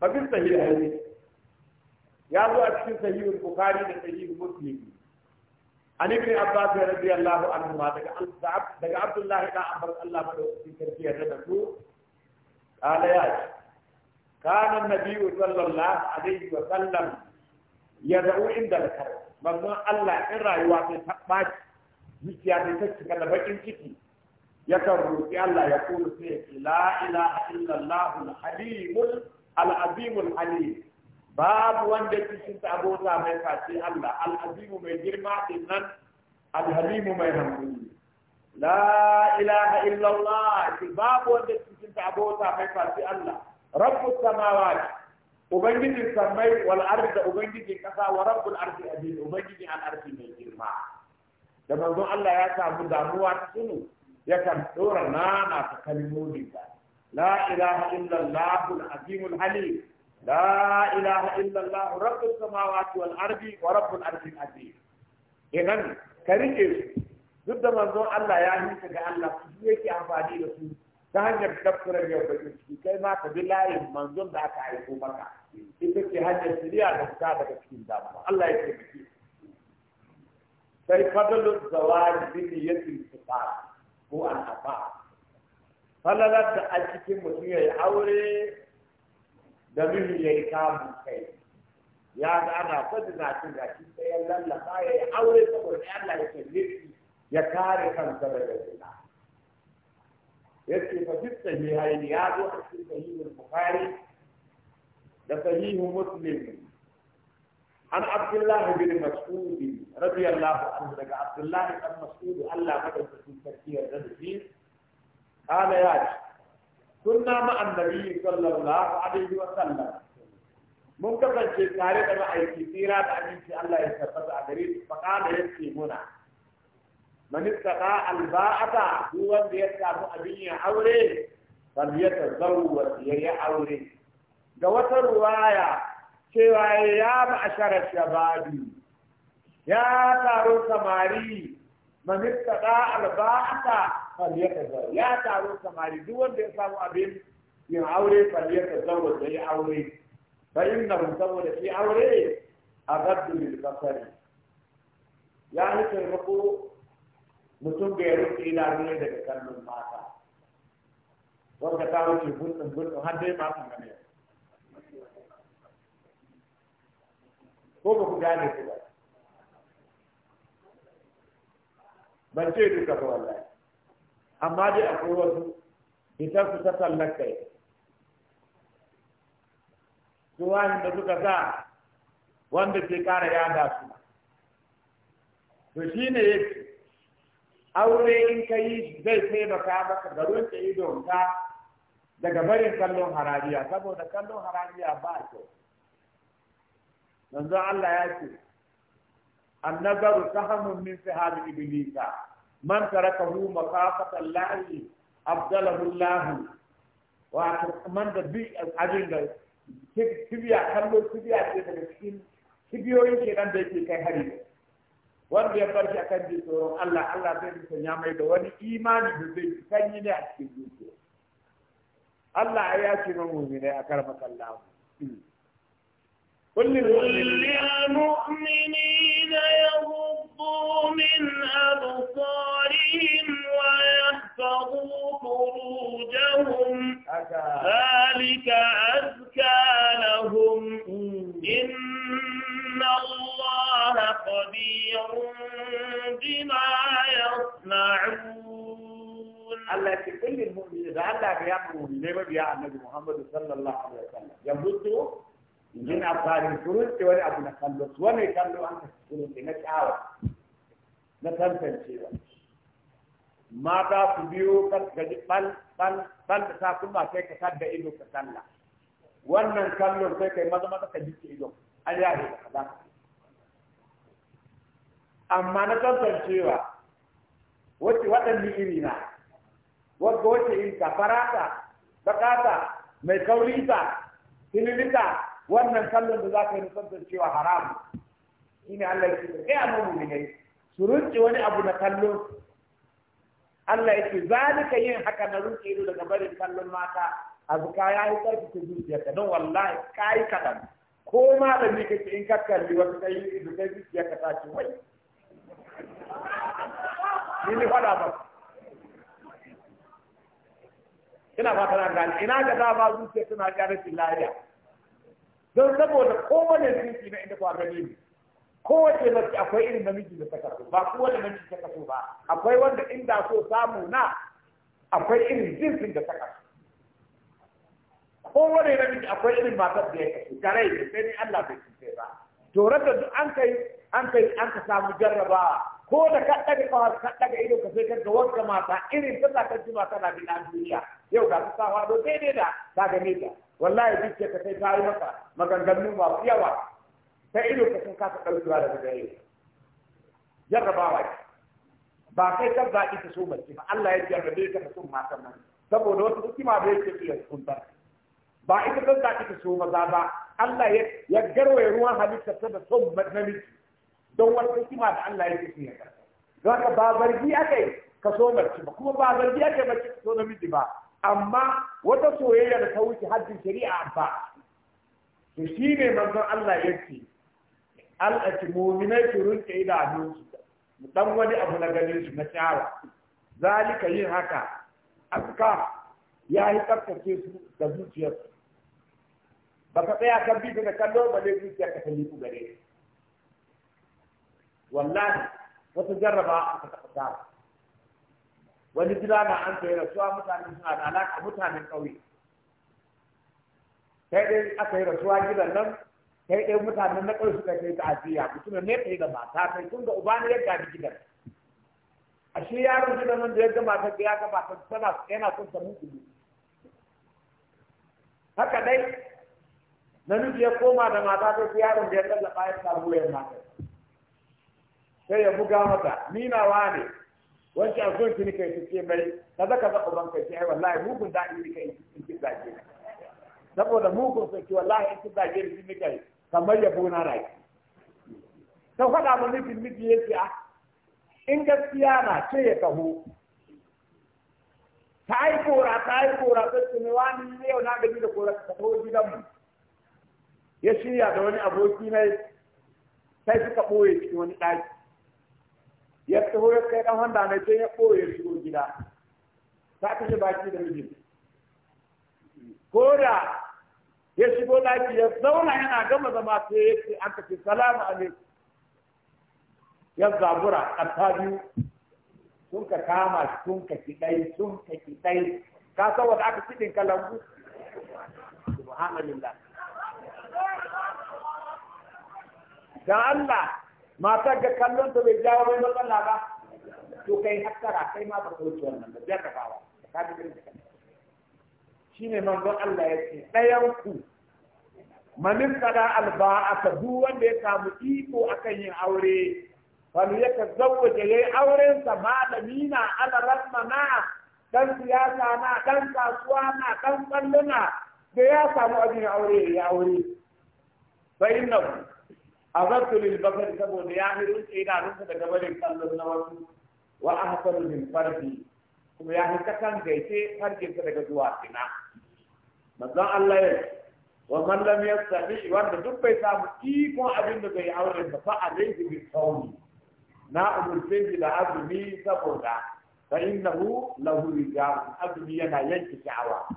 fa bin sahih hadith ya zo a cikin sahihul bukhari da sahihul muslim an ibn abbas radiyallahu anhu ma daga daga abdullah ibn abbas Allah da madaukakin sarki ya rada su qala ya ce kana annabi sallallahu alaihi wa sallam yad'u inda al-kar manzon Allah in rayuwa sai ta baci zuciya ne ta cika da bakin ciki yakan roƙi Allah ya kula sai la ilaha illallah al-halim al باب وند تشنت أبو سامع كاسي الله الحبيب من جرما إنن الحبيب من همبي لا إله إلا الله باب وند تشنت أبو سامع كاسي الله رب السماوات أبنجد السماء والأرض أبنجد كسا ورب الأرض أبين أبنجد عن أرض من جرما لما نقول الله يا سامع دعوات سنو يا كم دور نانا تكلموني لا إله إلا الله العظيم الحليم لا إله إلا الله رب السماوات والأرض ورب الأرض Ka إذن su. duk da manzo Allah ya hita ga Allah su yake amfani da su ta hanyar tafsirar yau da ciki kai ma ka bi layin manzon da aka aiko maka ita ce hanyar shirya da ta daga cikin damuwa Allah ya taimake sai fadlu zawaj bi niyyati sifar ko al-afa falalar da a cikin mutum ya aure دمیم یه کام کهی یا دارا پد ناتی ناتی سه لام لقای اول تو کرد الله یک لیک یا کار کم تبدیل نه یکی فجیت سهیهای نیاز و اکثر سهیه البخاری دسهیه مسلم عن عبد الله بن مسعود رضي الله عنه رجع عبد الله بن مسعود الله قدر تكون تركيا الرد فيه قال يا رجل sunna مع النبي صلى الله عليه وسلم mun kasance tare da ma'aiki tsira da aminci Allah ya tabbata a gare su faƙa da ya ce muna manista ta duk wanda ya samu abin ya aure bal ya ya yi aure ga wata ruwaya cewa ya ma'ashara shababi ya taru samari manista ta alba'ata falyata ya taro samari duk wanda ya samu abin yin aure falyata zawo da ya aure fa innahu saboda shi aure a agaddu lil basari ya yi taimako mutum bai rufe idanunai daga kallon mata wanda ta wuce gudun gudun har dai ma kan gane ko ba ku gane ku ba ban ce duka ba wallahi amma dai akwai wasu fitar su ta tallar kai wani da suka sa wanda ke kara yada su to shi ne ya ce aure in ka yi shi zai taimaka maka ga rufe daga barin kallon harariya saboda kallon harariya ba kyau yanzu Allah ya ce annabaru sahamun min sahabi iblisa man tarakahu makafatan lahi abdalahu lahu wato man da bi abin da kibiya kallo kibiya ce daga cikin kibiyoyin ke nan da yake kai hari wanda ya bar akan ji tsoron Allah Allah zai musanya mai da wani imani da zai sanyi ne a cikin zuciya Allah ya ce man hmm. mu'mini a karamakallahu كل المؤمنين من أبصارهم ويحفظوا فروجهم ذلك أزكى لهم إن الله قدير بما يصنعون الله يقول للمؤمنين ده الله بيعمل ليه بيع النبي محمد صلى الله عليه وسلم يمدوا من أبصار فروج ولا أبو نخلص ولا يخلوا أنت تقولوا لنا na tantancewa mata ku biyo gaji ban da takulma sai ka sadda ido ka salla wannan kallon sai kai maza maza ka jike ido an yare da kaza amma na tantancewa wacce waɗanne iri na wadda wacce in ka farata bakata mai kaulita tililita wannan kallon da za ka yi na tantancewa haramu shine Allah ya ce ya mu ne su rinci wani abu na kallo Allah ya ce zalika yin haka na rinci ido daga barin kallon mata azuka ya yi karfi ta zuciyarka don wallahi ka yi kaɗan ko ma da ni kake in ka kalli ka yi ido kai zuciyarka ta ce wai ni ni faɗa ba ina fata na gani ina ga dama zuciya tana ƙarfin lafiya don saboda kowane zuciya na inda kwa gani ne kowace mace akwai irin namiji da ta kaso ba kowane namiji ta kaso ba akwai wanda inda so samu na akwai irin jinsin da ta kaso kowane namiji akwai irin matar da ya kaso garai da sai ni Allah bai cuce ba to da duk an kai an kai an ka samu jarraba ko da ka daga kawar ka daga ido ka sai ka ga wanka mata irin ta za ka jima tana bin an duniya yau ga ta sawa do daidai da ta ne da wallahi duk ce ka sai ta yi maka maganganun ba yawa ta ido ka sun kasa ɗaukewa daga gare ka jarrabawa ce ba kai ka zaɓi ita so mace ba Allah ya jarrabe bai ka son matan nan saboda wata ma da yake fiye ya kunta ba ita ka zaɓi ita so maza ba Allah ya garwaye ruwan halitta ta da son namiji don wata ma da Allah yake so ya karɓa don ka ba zargi aka yi ka so mace ba kuma ba zargi aka yi ka so namiji ba amma wata soyayya da ta wuce haddin shari'a ba to shi ne manzon Allah ya ce al'ati mu'minai su rinka idanunsu dan wani abu na ganin su na tsara zalika yin haka aska ya yi tsaftace su da zuciyarsu ba ka tsaya kan bi da kallo ba ne zuciya ka kalli ku gare wallahi wata jarraba aka taɓa ta. wani gida na an tsaye rasuwa mutanen suna da alaƙa mutanen ƙauye sai dai aka yi rasuwa gidan nan sai ɗaya mutanen na ƙauye suka kai ta'aziyya mutumin ne kai da mata kai tun da uba ne ya gaji gidan a shi yaron gidan nan da ya gama ta ya gama ta tana yana son ta mutu haka dai namiji ya koma da mata sai yaron da ya lallaba ya samu ya mata sai ya buga mata ni na ne wancan a zuwan kini kai suke mai ta zaka zaɓa ban kai sai wallahi mugun daɗi ne kai in ki zage saboda mugun sai wallahi in ki zage ne kai kamar ya na rai. ta faɗa mu nufin miji ya ce ah, in gaskiya na ce ya taho ta yi kora ta yi kora ta ce ne wani yau na gani da kora ta taho gidanmu ya shirya da wani aboki na sai suka ɓoye cikin wani ɗaki ya taho ya kai ɗan wanda na ce ya ɓoye shigo gida ta kashe baki da mijin ko da ya shigo daki ya zauna yana gama zama sai ya ce an tafi salamu alaikum ya zabura ƙasa biyu sun ka kama sun ka kiɗai sun ka kiɗai ka san wanda aka cikin kalangu subhanallah dan Allah mata ga kallon ta bai jawo mai matsala ba to kai hakkara kai ma ba kauce wannan ba zai ka kawo ka bi da shine manzon Allah ya ce ɗayan ku manin kada alba'ata duk wanda ya samu iko akan yin aure wani ya tazawwaje yayi yi sa malami na ala rasmana dan siyasa na dan kasuwa na dan kalluna da ya samu abin aure ya aure ku, a azartu lil basar saboda ya hirin idanunsa daga barin kallon na wasu wa ahsanu min farfi kuma ya fi kasan gaishe har ginta daga zuwa sina manzon Allah ya wa man lam yastati wanda duk bai samu ikon abin da bai aure ba fa alaihi bi sawmi na umurce shi da azumi saboda fa innahu lahu rijal azumi yana yanke sha'awa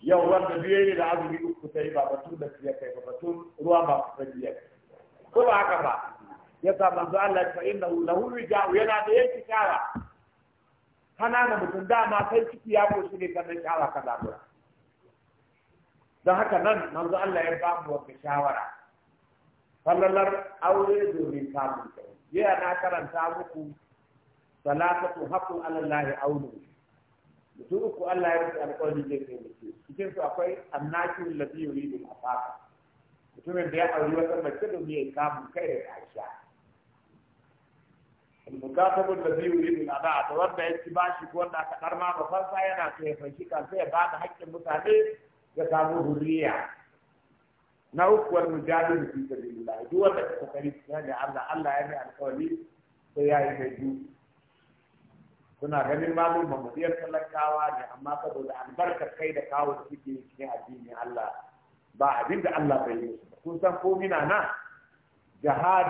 yau wanda biye ne da azumi uku ta yi ba batun da ya kai ba batun ruwa ba ku ta biye ko ba haka ba ya sa manzo Allah fa innahu lahu rijal yana da yanke sha'awa kana na mutum dama sai ciki ya koshi ne kan shawa ka zabura don haka nan manzo Allah ya mu wata shawara sallallar aure domin samun kai jiya na karanta muku Salatu, haqqu ala Allah aulu mutum uku Allah ya rufe alƙawari zai kai mutum cikin su akwai annaki alladhi yuridu a afaqa mutumin da ya auri wata mace domin ya kamun kai da Aisha المكاتب الذي يريد الأداء wanda ya ci bashi ko wanda aka karma ba fansa yana so ya fanshi kansa ya da haƙƙin mutane ya samu hurriya na uku wal mujadilu fi sabilillah duk wanda ka kokari cikin da Allah Allah ya yi alƙawari sai ya yi mai duk kuna ganin malum mamadiyar talakawa ne amma saboda albarkar kai da kawo da suke cikin addini Allah ba abinda Allah bai yi kun san ko mina na جهاد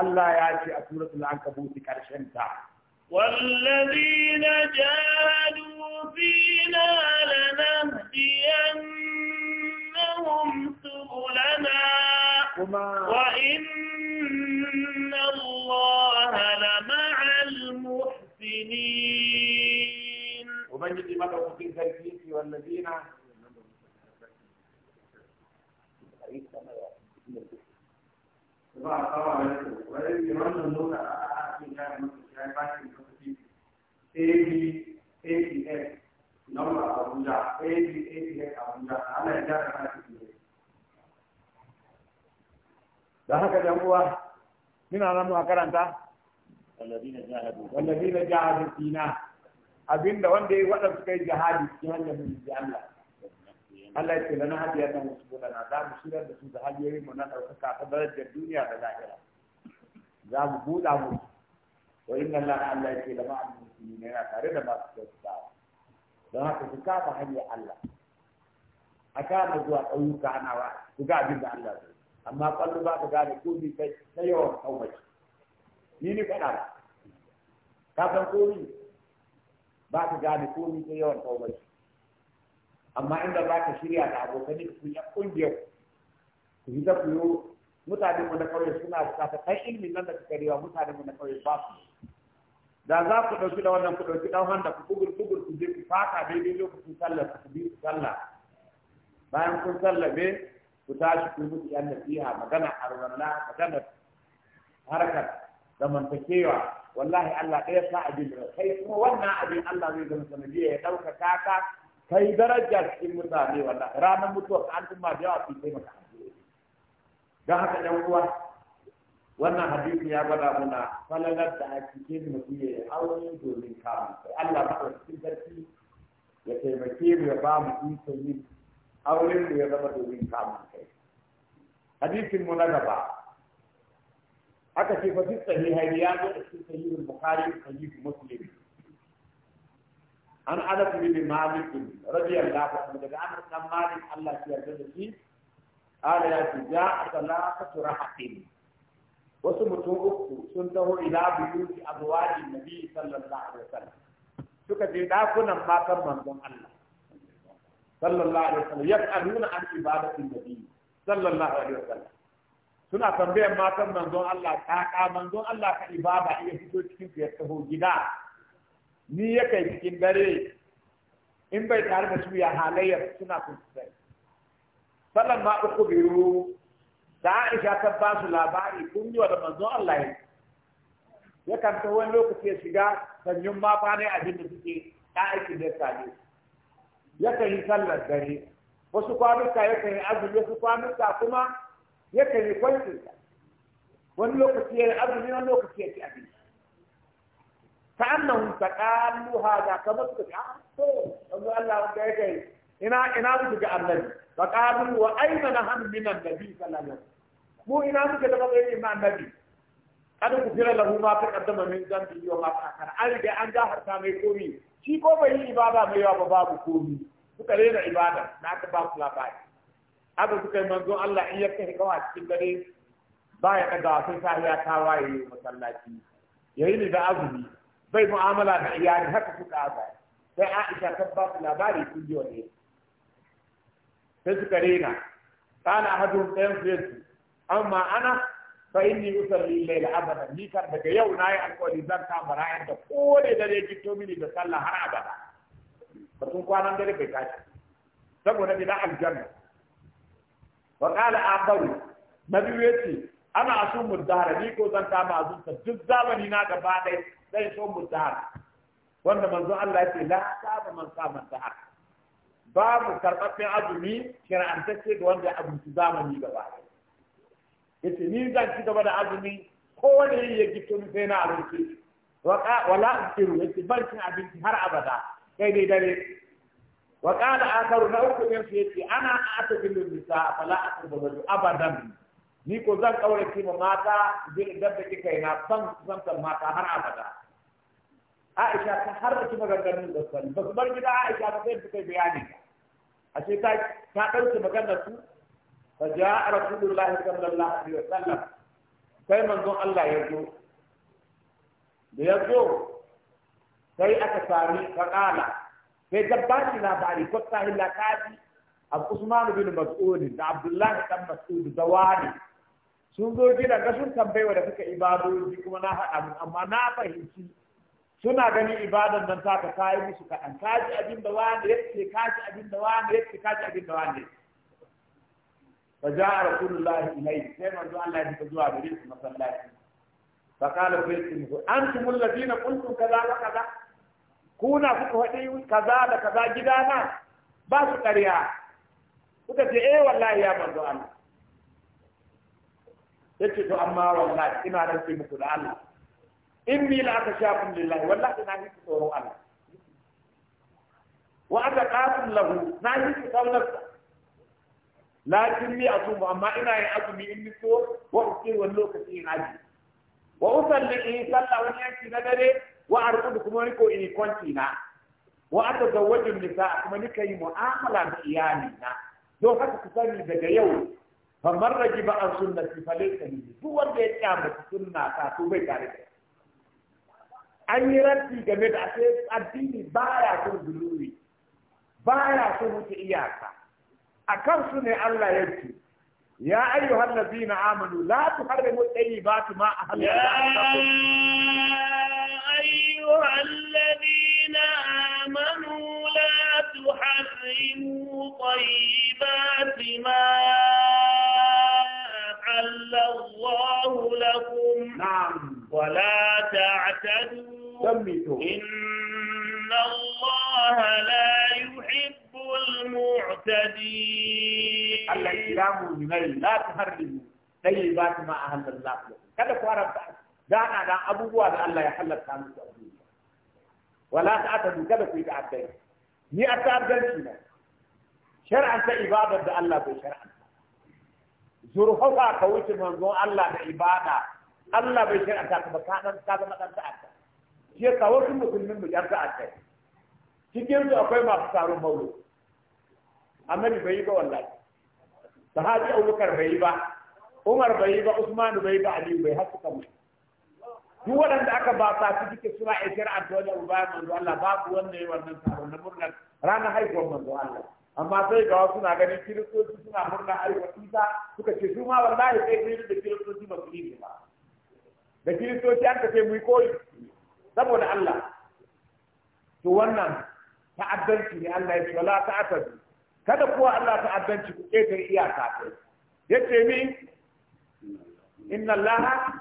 الله ياتي ya ce a suratul ankabut والذين جاهدوا فينا لنهدينهم سبلنا وإن الله لمع المحسنين ومن يجي مدعو في ذلك والذين ba a kawo da su wani ne wannan nuna a cikin ya yi a ya A bakin A abapx number abuja abapx abuja ana yi gyara a ne da haka yan uwa muna nan a karanta wallazina jahadu a abinda wanda ya wadanda suka yi jihadi cikin hanyar da Allah Allah ya ce lana hadiya nan wasu na za mu shirar da su da hanyoyin mu na ɗaukaka ta darajar duniya da lahira za mu buɗa mu wa inna Allah Allah ya ce lama al muslimin yana tare da masu kyautatawa don haka su kafa hanyar Allah a kama zuwa ƙauyuka ana wa su ga abin da Allah zai amma kwallo ba ka gane komi kai ta yawan kaumaci ni ne faɗa ba ka san komi ba ta gane komi ta yawan kaumaci amma inda za ka shirya da abokan ka kun yi kungiyar ku yi ta kuyo mutane mu na kauye suna bukata kai ilimin nan da kuka rewa mutane mu na kauye ba su da za ku ɗauki da wannan ku ɗauki ɗan da ku bugur bugur ku je ku fata daidai lokacin sallar, ku bi ku salla. bayan kun sallabe ku tashi ku mutu yan nasiha magana arwalla magana harkar zamantakewa wallahi Allah ɗaya sa abin da kai kuma wannan abin Allah zai zama sanadiyya ya ɗaukaka ka kai daraja cikin mutane wallahi ranar mutuwar al'umma da yawa su taimaka don haka yan uwa wannan hadisi ya gwada muna falalar da ake cikin mutum ya aure domin kamun sai Allah ba cikin sarki ya taimake mu ya ba mu ikon yin aure mu ya zama domin kamun kai hadisin mu na gaba aka ce fa fi sahihaini ya zo da cikin sahihul bukhari sahih muslim an anas bin malik rabi anhu daga anas dan malik Allah ya yarda da shi ala ya ce ja salatu rahatin wasu mutum uku sun taho ila buyuti azwajin nabi sallallahu alaihi wasallam suka je dakunan matan manzon Allah sallallahu alaihi wasallam yas'aluna an ibadatin nabi sallallahu alaihi wasallam suna tambayar matan manzon Allah ta ka manzon Allah ka ibada iya fito cikin ya taho gida ni ya kai cikin dare in bai tare da su ya halayyar suna kuntsai sallan ma uku biyu da Aisha ta ba su labari kun yi wa da manzon Allah ya ya kan ta wani lokaci ya shiga sanyin ma fa ne abin da suke ta aiki da sale ya kan yi sallar dare wasu kwanuka ya kan yi azumi wasu kwanuka kuma ya kan yi kwanci wani lokaci ya yi azumi wani lokaci ya ci abinci كأنهم تقالوا هذا كما تقول آه ya kai ina ina muka ga annabi ba qalu wa ayna nahnu min annabi sallallahu alaihi mu ina muka da kai ma annabi kada ku fira lahu ma ta kaddama min zambi biyo ma ta kana an ga an ga harta mai komi shi ko bai yi ibada mai yawa ba babu komi suka rena ibada na ka ba su labari haka suka yi manzon Allah in ya kai kawa cikin dare ba ya kada sai sahiya ta waye masallaci yayin ni da azumi bai mu'amala da iyali haka suka aza sai Aisha ta ba su labari sun ji wani sai suka rena kana hadun ɗayan su amma ana fa inni usalli layla abadan ni kar daga yau nayi alƙawari zan kama rayar da ko da dare gito mini da sallah har abada batun kwanan dare bai tashi saboda da aljanna wa qala abaru nabi yace ana asumu da ni ko zan kama azunta duk zamani na gaba ɗaya sai so mu dahar wanda manzon Allah ya ce la ta man kama dahar babu karɓaɓɓen azumi an ce da wanda ya abinci zamani gaba yace ni zan ci gaba da azumi wanda yayi ya gito ni sai na abinci wala ukiru yace ban abinci har abada kai dai dare wa da akaru na uku ne su yace ana atabilu nisa fala atabilu abadan ni ko zan kaurace ki mata bin dabba kai na san san mata har abada Aisha ta harrace maganganun da sani ba su bar gida Aisha ta sai suka bayani A ce ta ta dauke maganar su fa ja rasulullahi sallallahu alaihi wasallam sai manzon Allah ya zo da ya zo sai aka sami faƙala sai dabbaci labari ko sahi kadi abu usman bin mas'ud da abdullahi dan mas'ud da wani sun zo gidan ga sun tambaye da suka ibadoji kuma na haɗa min, amma na fahimci suna ganin ibadan nan taka ta yi musu kaɗan ka ji abin da wani ya ce ka ji abin da wani ya ce ka ji abin da wani ya ce fa ja'a rasulullahi ilayhi sai manzo Allah ya fita zuwa gare su masallaci fa qala fa yakum antum alladhina qultum kaza wa kaza kuna kuka faɗi kaza da kaza gidana ba su ƙarya kuka ce eh wallahi ya manzo Allah yace to amma wallahi ina rantsi muku da Allah inni la akhshaakum lillahi wallahi na hisi tsoron Allah wa ataqakum lahu na hisi tsoron lakin ni asumu amma ina yin azumi in so wa uke wani lokaci in aji wa usalli in salla wa yanki na dare wa arkudu kuma ni ko in kwanci na wa atazawwaju nisa kuma ni kai mu'amala da iyali na do haka ku sani daga yau famar ba an sunnati falaysa li duk wanda ya kyamata sunna ta to bai tare da an yi ranti game da ashe addini baya son guluwi baya يا أيها الذين آمنوا لا تحرموا الطيبات ما أهل يا أيها الذين آمنوا لا تحرموا طيبات ما أحل الله لكم نعم ولا تعتدوا سميتو إن الله لا يحب المعتدين الإسلام من لا تهرم طيبات ما أهل الله كذا قارب دانا دا أبو بوار الله يحل الثامن ولا تعتد كذا في تعتد مئة أبدل فينا شرعا إبادة الله بشرعا زرفوها قويت من الله بعبادة الله بشرعا تبكانا تبكانا تبكانا ya kawo sun musulmin mu yan ta'adda cikin su akwai masu tsaron maulu annabi bai yi ba wallahi sahabi abubakar bai yi ba umar bai yi ba usmanu bai yi ba aliyu bai har suka mutu duk waɗanda aka ba sa su duke suna a shari'ar dole a bayan manzo Allah babu wanda ya wannan tsaron na murnar ranar haihuwar manzo Allah amma sai ga wasu na ganin kiristoci suna murnar haihuwar isa suka ce su ma wallahi sai ne da kiristoci ba su yi ba da kiristoci an ka ce mu yi koyi saboda Allah to wannan ta'addanci ne Allah ya ce wala ta'tadu kada kuwa Allah ta'addanci ku ƙetar iyaka ta yace ni inna Allah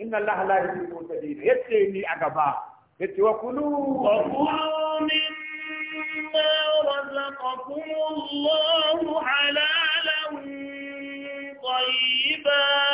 inna Allah la yuhibbu al-mu'tadin yace ni a gaba yace wa kulu wa kulu mimma razaqakum Allah halalan tayyiban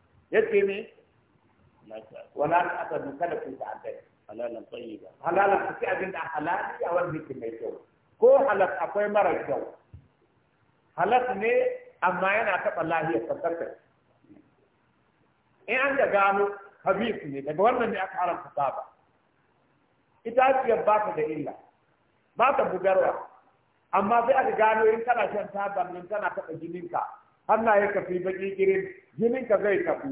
yace me wala al'adar kada ku ta'addai halalan tayyiba halalan ku ci abin da halali a wani zikin mai kyau ko halas akwai mara kyau halas ne amma yana taɓa lahiyar fasarta in an ga gano habis ne daga wannan ne aka haramta saba itaciyar ba ta da illa ba ta bugarwa amma sai aka gano in kana shan tabar nan tana taɓa jininka hannaye ka fi baƙi girin. jinin ka zai tafi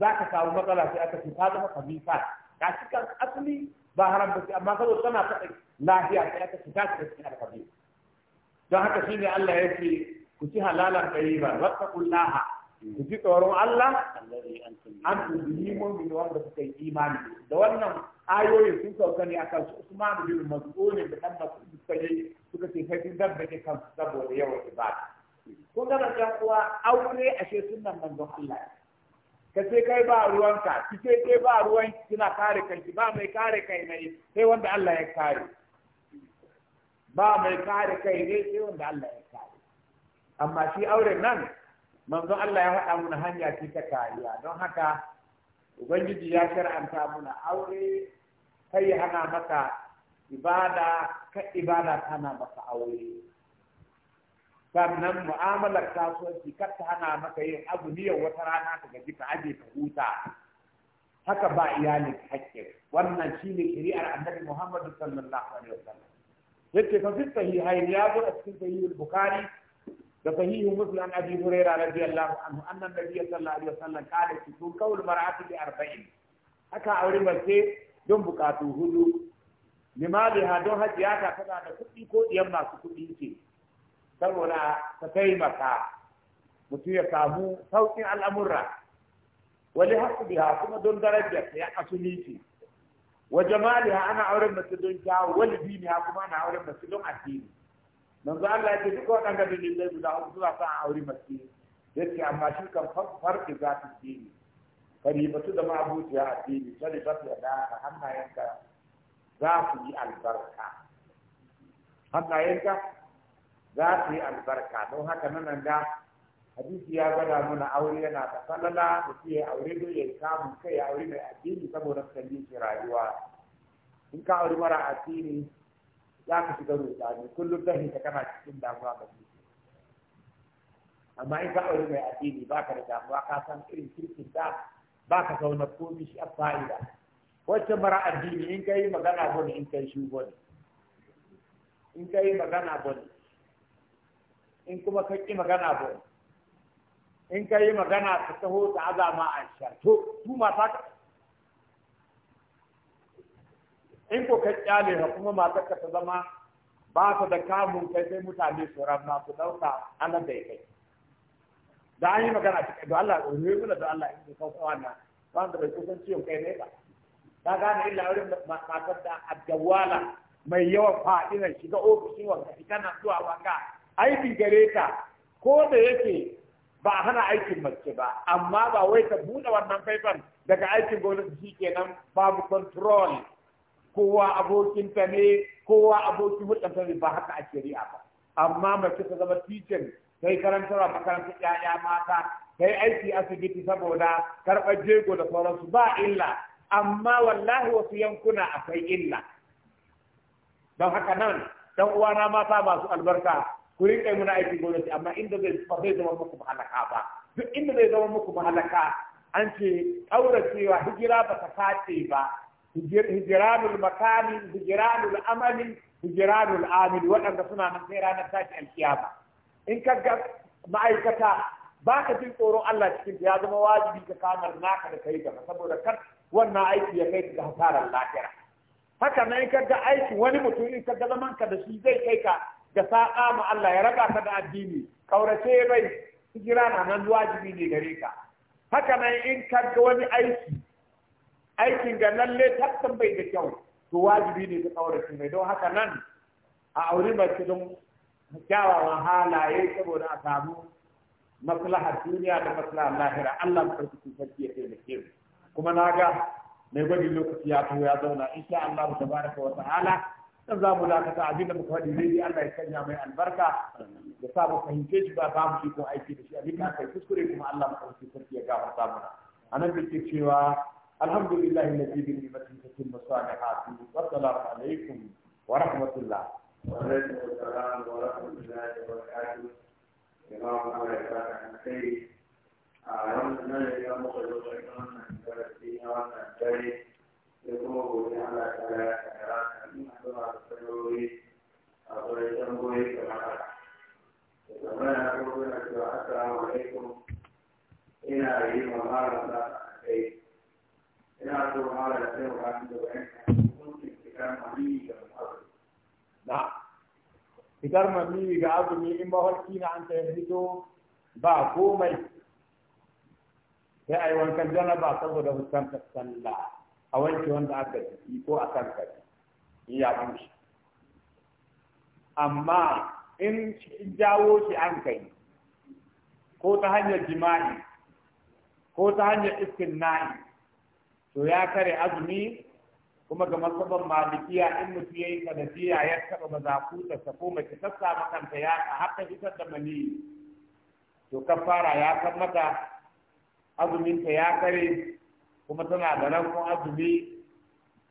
za ka samu matsala sai aka ce ta zama kabisa ga shi kan asali ba haram ba amma kazo tana faɗa lafiya sai aka ce ta shiga cikin alkabisa don haka shi ne Allah ya ce ku ci halalan ɗayiban laha. ku ji tsoron Allah an tuzuyi da wanda suka yi imani da wannan ayoyin sun sauka ne kan su Usman bin Mas'ud da kan Mas'ud suka yi suka ce kai kan saboda yawan ibada ko gana ɗan kuwa, aure ashe sunnan manzo Allah ka ce kai ba ruwanka ki ce kai ba ruwan kina kare kanki ba mai kare kai ne sai wanda Allah ya kare ba mai kare kai ne sai wanda Allah ya kare amma shi aure nan manzo Allah ya hada mana hanya ce ta kariya don haka ubangiji ya shar'anta muna aure kai hana maka ibada ka ibada kana maka aure sannan mu'amalar kasuwanci kar ta hana maka yin abu niyyar wata rana ka gaji ka aje ka huta haka ba iyalin hakkin wannan shine shari'ar annabi Muhammad sallallahu alaihi wasallam yace fa fi sahihain ya zo a cikin sahihul bukhari da sahihu muslim an abi hurairah radiyallahu anhu anna nabiyyi sallallahu alaihi wasallam kana ki tun qaul mar'ati bi arba'in haka aure mace don bukatu hudu ha don hajiyata tana da kuɗi ko diyan masu kuɗi ce saboda ta taimaka mutum ya samu sauƙin al'amurra wani haƙu biya kuma don darajar ya asuli Waje wa jamaliha ana auren mace don kyawu wani ha kuma ana auren mace don addini manzo Allah ya ce duka waɗanda zai guda hudu zuwa auri aure mace ce amma shi kan farki za ta dini karibatu da mabuciya addini su ya da hannayenka za su yi albarka hannayenka za su yi albarka don haka nan da hadisi ya gwada mana aure yana da falala da su yi aure don ya samun kai ya aure mai addini saboda su kalli shi rayuwa in ka aure mara addini za ka shiga ne kullum zai ka kana cikin damuwa ga su amma in ka aure mai addini ba ka da damuwa ka san irin kirkin da ba ka zauna komi shi a fa'ida wacce mara addini in ka yi magana bane in ka yi shi bane in ka yi magana bane in kuma ka ƙi magana ba in ka yi magana ka taho ta azama a shar to su mata ka in ko ka kyale ka kuma mata ka ta zama ba ta da kamun kai sai mutane su ramma ku dauka ana da kai da an yi magana cikin da Allah ya yi mana da Allah in ka kawo wannan ba da bai kusan ciwon kai ne ba ta gane illa wurin matar da adawala mai yawan fa'inan shiga ofishin wanka ita na zuwa wanka Aikin gare ta ko da yake ba a hana aikin mace ba amma ba wai ta buɗe wannan faifan daga aikin gwamnati shi kenan babu control kowa abokinta ne kowa abokin hulɗarta ne ba haka a shari'a ba amma mace ta zama titin sai wa makarantar 'ya'ya mata sai aiki asibiti saboda karɓar jego da sauransu ba illa amma wallahi wasu yankuna akwai illa don haka nan dan uwana mata masu albarka ku rinka muna aiki gwamnati amma inda zai zai zama muku mahalaka ba duk inda zai zama muku mahalaka an ce cewa hijira ba ta sace ba hijiranul makani hijiranul amali hijiranul amil waɗanda suna nan sai ranar tashi alkiyama in ka ga ma'aikata ba ka jin tsoron Allah cikin ya zama wajibi ka kamar naka da kai gaba saboda kar wannan aiki ya kai ga hasarar lafiya haka nan in ka ga aiki wani mutum in ka ga zaman ka da shi zai kai ka da saƙa ma Allah ya raka ka da addini kaurace bai hijira na nan wajibi ne gare ka haka nan in ka ga wani aiki aikin ga lalle tattan bai da kyau to wajibi ne ka kaurace mai don haka nan a auri mace don kyawawan halaye saboda a samu maslahar duniya da maslahar lahira Allah mu karfi sarki ya taimake mu kuma na ga mai gwajin lokaci ya to ya zauna insha Allah tabaraka wa ta'ala dan za mu dakata abin da muka faɗi daidai Allah ya sanya mai albarka da sa mu fahimce shi ba ba mu shi ko aiki da shi abin da aka yi kuskure kuma Allah mu ɗauki sarki ya gafarta mana a nan da ke cewa alhamdulillahi alladhi bi ni'matihi tatimmu salihatu wa assalamu alaikum wa rahmatullah wa alaikum assalam wa rahmatullahi wa barakatuh imam Allah ya saka kai a wannan ne ya muka zo ga wannan darasi na wannan dare sai kuma gobe Allah ta ga kara in an zama da sanarori a kwarai tamboyi kamar haka. Da kamar na kuma na cewa assalamu alaikum ina yi ma malam da kai ina so malam sai mu ba da bayani hukuncin fitar mani ga mutum. Na fitar mani ga azumi in mafarki na an ta fito ba komai sai a yi wankan janaba saboda fuskantar sallah a wanke wanda aka yi ko a kan kaji in ya bushe amma in jawo shi an kai ko ta hanyar jima'i ko ta hanyar iskin na'i to ya kare azumi kuma ga masabar malikiya in mutum ya yi sanadiyya ya taɓa mazakuta ta ko mace ta samu kanta ya haka fitar da mani to fara ya san mata azuminta ya kare kuma tana da rankon azumi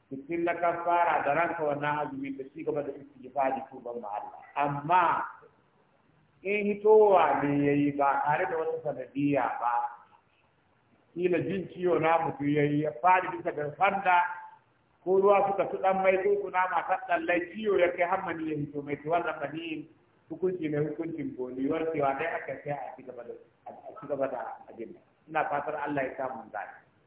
cikin na kafara da ranka wannan azumi da ci gaba da istighfari tuban ma Allah amma in hitowa ne yayi ba tare da wata sanadiya ba kila jin ciwo na mutu yayi ya fadi bisa ga fanda ko ruwa suka su dan mai ko kuna ma ta dallai ciwo ya kai hammani yayi to mai to wannan mani hukunci ne hukuncin goni warkewa dai aka sai a ci gaba da a ci gaba da ina fatar Allah ya samu zaki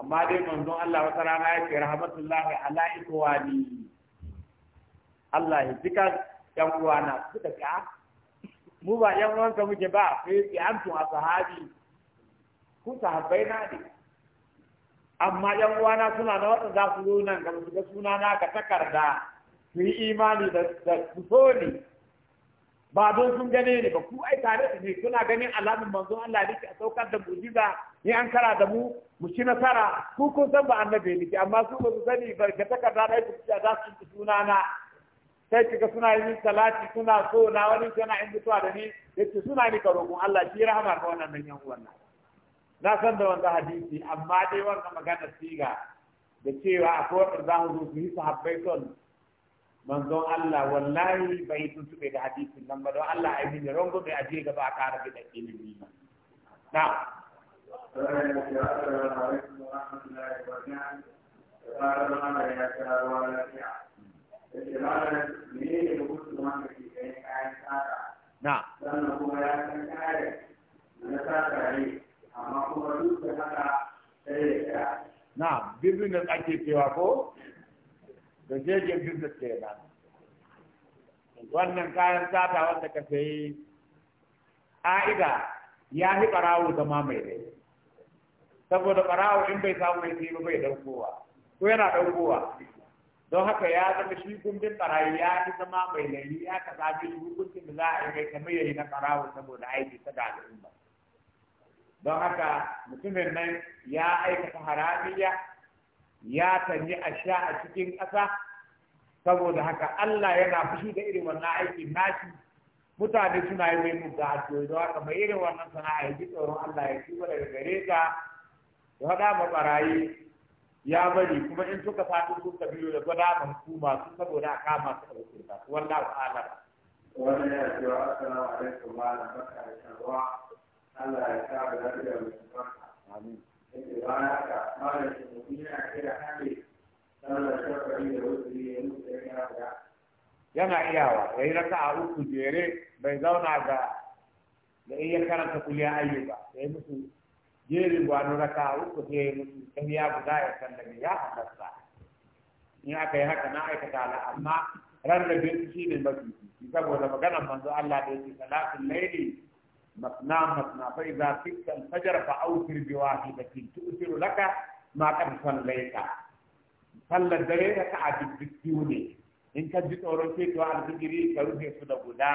amma dai manzon Allah wata rana ya ce rahmatullahi ala ikwani Allah ya jika yan uwana suka ce ah, mu ba yan ka muke ba sai ki antum ashabi ku sahabbai na ne amma yan uwana suna na wata za su zo nan ga su ga suna na ka takarda su yi imani da su so ne ba don sun gane ne ba ku ai tare da ne Suna ganin alamin manzon Allah ne ke saukar da mu'jiza ni an kara da mu mu ci nasara ku kun san ba annabi ne amma su ba su sani barkata ka da dai ku da su suna na sai kika suna yin salati suna so na wani yana in mutuwa da ni yace suna ni ka mu Allah shi rahama ga wannan nan yan uwan na san da wanda hadisi amma dai wannan magana siga da cewa a wanda za mu zo su yi sahabbai son manzon Allah wallahi bai tuntube da hadisin nan ba don Allah ai mini rango bai aje gaba a kara da ilimi na na sannan da ake cewa ko da jirgin da ke da wannan kayan sata wanda ka sayi ƙa'ida ya fi ɓarawo zama mai rai saboda barawo in bai samu mai ba bai daukowa ko yana daukowa don haka ya zama shi kundin barayi ya fi zama mai layi ya ka zafi shi hukuncin da za a yi mai kamar yayi na barawo saboda aiki ta da al'umma don haka mutumin nan ya aikata haramiya ya tanyi a sha a cikin ƙasa saboda haka Allah yana fushi da irin wannan aikin nashi mutane suna yi mai mutu a don haka mai irin wannan sana'a ya ji tsoron Allah ya ci daga gare ta gwada ma barayi ya bari kuma in suka fatu sun biyo da gwada ma hukuma sun saboda a kama su ɗauke ba su wallahu ba. wannan ya ce wa assalamu alaikum na baka da sharwa Allah ya da lafiya mai a amin yake bayan ba da shi na yana da hali sallar shafari da biyu ya mutu ya yi guda yana iyawa ya yi raka a uku jere bai zauna ga da iya karanta kuliya ayyuka ya yi musu jerin anu raka u ko he kan guda ya daga ya halarta in aka yi haka na aikata ala amma da bin shi ne mafi saboda magana manzo Allah da yake salatul layli masna masna fa idza tikta al-fajr fa awtir bi wahidatin tu'tiru laka ma qad sallaita sallar dare ka a duk ne in ka ji tsoron ce to alfijiri ka rufe su da guda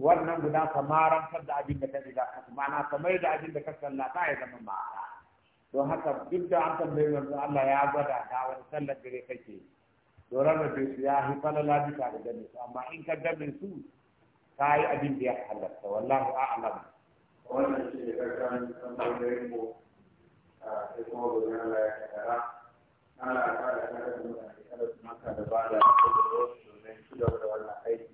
wannan guda kamarantar da abin da ka riga ka ma'ana kamar da abin da ka sallata ya zama ma'ana don haka duk da an tambaye manzo Allah ya gwada da wani sallar dare kake doron da su ya hi falala bisa ga gane su amma in ka gane su ka yi abin da ya halatta wallahu a'lam wannan shi ne karkan tambayoyin mu a sai kuma gobe Allah ya kara Allah ya kara kada mutane kada su maka da bada da domin ci gaba da wannan aiki